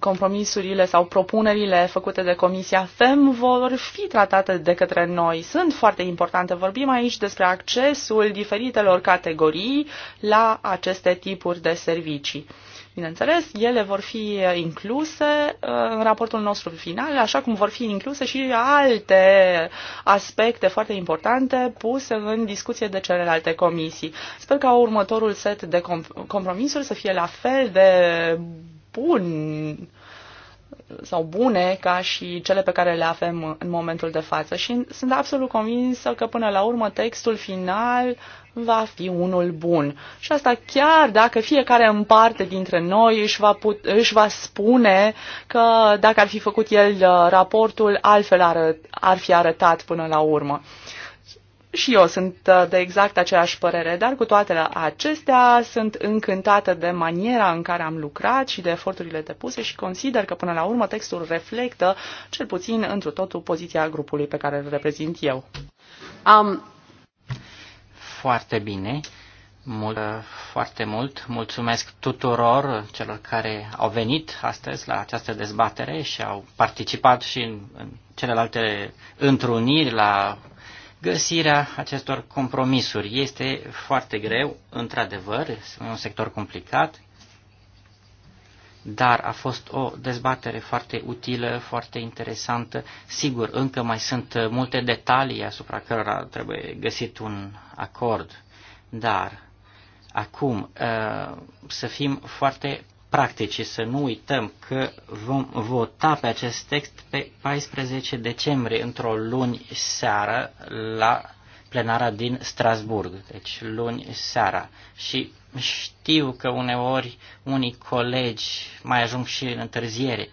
compromisurile sau propunerile făcute de Comisia FEM vor fi tratate de către noi. Sunt foarte importante. Vorbim aici despre accesul diferitelor categorii la aceste tipuri de servicii. Bineînțeles, ele vor fi uh, incluse uh, în raportul nostru final, așa cum vor fi incluse și alte aspecte foarte importante puse în discuție de celelalte comisii. Sper ca următorul set de compromisuri să fie la fel de bun sau bune ca și cele pe care le avem în momentul de față. Și sunt absolut convinsă că până la urmă textul final va fi unul bun. Și asta chiar dacă fiecare în parte dintre noi își va, put, își va spune că dacă ar fi făcut el uh, raportul, altfel ar, ar fi arătat până la urmă. Și eu sunt uh, de exact aceeași părere, dar cu toate acestea sunt încântată de maniera în care am lucrat și de eforturile depuse și consider că până la urmă textul reflectă cel puțin într-o totul poziția grupului pe care îl reprezint eu. Um, foarte bine. Mult, foarte mult. Mulțumesc tuturor celor care au venit astăzi la această dezbatere și au participat și în, în celelalte întruniri la găsirea acestor compromisuri. Este foarte greu, într-adevăr, este un sector complicat, dar a fost o dezbatere foarte utilă, foarte interesantă. Sigur, încă mai sunt multe detalii asupra cărora trebuie găsit un acord, dar acum ă, să fim foarte practici și să nu uităm că vom vota pe acest text pe 14 decembrie, într-o luni seară, la plenara din Strasburg, deci luni seara. Și știu că uneori unii colegi mai ajung și în întârziere,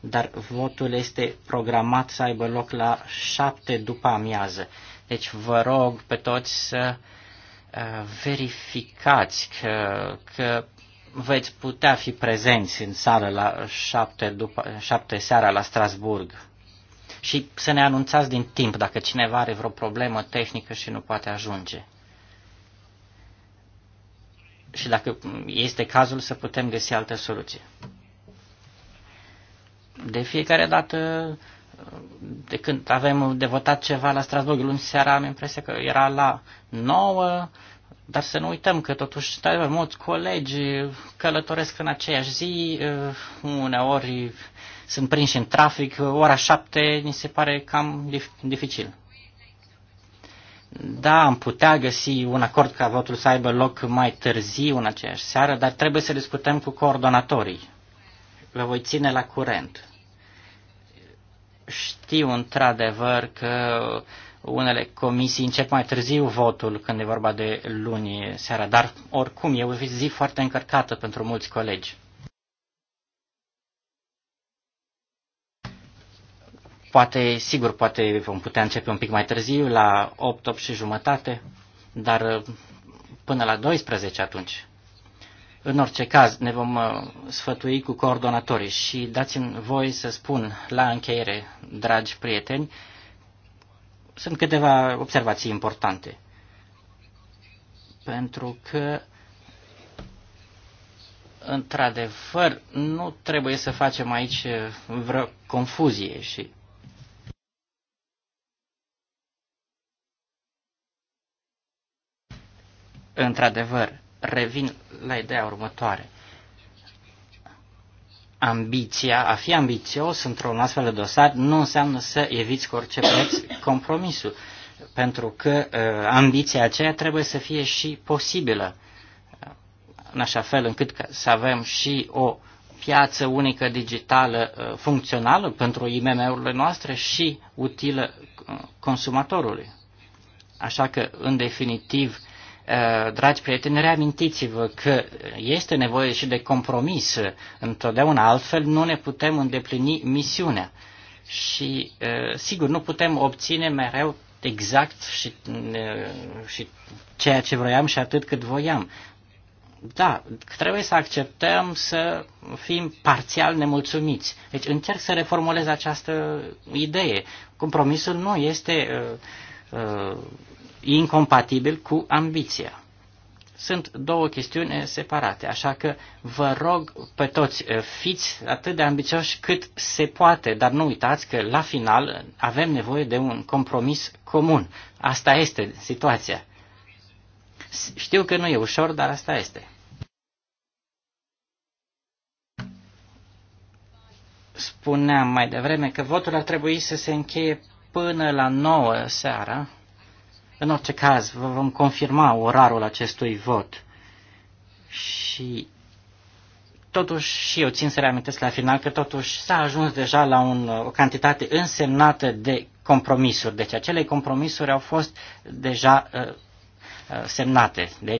dar votul este programat să aibă loc la șapte după amiază. Deci vă rog pe toți să uh, verificați că, că veți putea fi prezenți în sală la șapte, după, șapte seara la Strasburg și să ne anunțați din timp dacă cineva are vreo problemă tehnică și nu poate ajunge și dacă este cazul să putem găsi altă soluție. De fiecare dată de când avem de votat ceva la Strasburg luni seara, am impresia că era la 9, dar să nu uităm că totuși, într mulți colegi călătoresc în aceeași zi, uneori sunt prinși în trafic, ora 7 ni se pare cam dificil. Da, am putea găsi un acord ca votul să aibă loc mai târziu în aceeași seară, dar trebuie să discutăm cu coordonatorii. Vă voi ține la curent. Știu într-adevăr că unele comisii încep mai târziu votul când e vorba de luni seara, dar oricum e o zi foarte încărcată pentru mulți colegi. Poate, sigur, poate vom putea începe un pic mai târziu, la 8, 8 și jumătate, dar uh, până la 12 atunci. În orice caz, ne vom uh, sfătui cu coordonatorii și dați-mi voi să spun la încheiere, dragi prieteni, sunt câteva observații importante. Pentru că, într-adevăr, nu trebuie să facem aici uh, vreo confuzie și Într-adevăr, revin la ideea următoare. Ambiția, a fi ambițios într-un astfel de dosar nu înseamnă să eviți cu orice preț compromisul, pentru că uh, ambiția aceea trebuie să fie și posibilă, uh, în așa fel încât să avem și o piață unică digitală uh, funcțională pentru IMM-urile noastre și utilă uh, consumatorului. Așa că, în definitiv, Eh, dragi prieteni, reamintiți-vă că este nevoie și de compromis. Întotdeauna altfel nu ne putem îndeplini misiunea. Și, eh, sigur, nu putem obține mereu exact și, eh, și ceea ce vroiam și atât cât voiam. Da, trebuie să acceptăm să fim parțial nemulțumiți. Deci încerc să reformulez această idee. Compromisul nu este uh, uh, incompatibil cu ambiția. Sunt două chestiuni separate, așa că vă rog pe toți, eh, fiți atât de ambițioși cât se poate, dar nu uitați că la final avem nevoie de un compromis comun. Asta este situația. Știu că nu e ușor, dar asta este. Spuneam mai devreme că votul ar trebui să se încheie până la 9 seara, în orice caz, vă vom confirma orarul acestui vot. Și totuși, și eu țin să reamintesc la final că totuși s-a ajuns deja la un, o cantitate însemnată de compromisuri. Deci acele compromisuri au fost deja uh, uh semnate. Deci,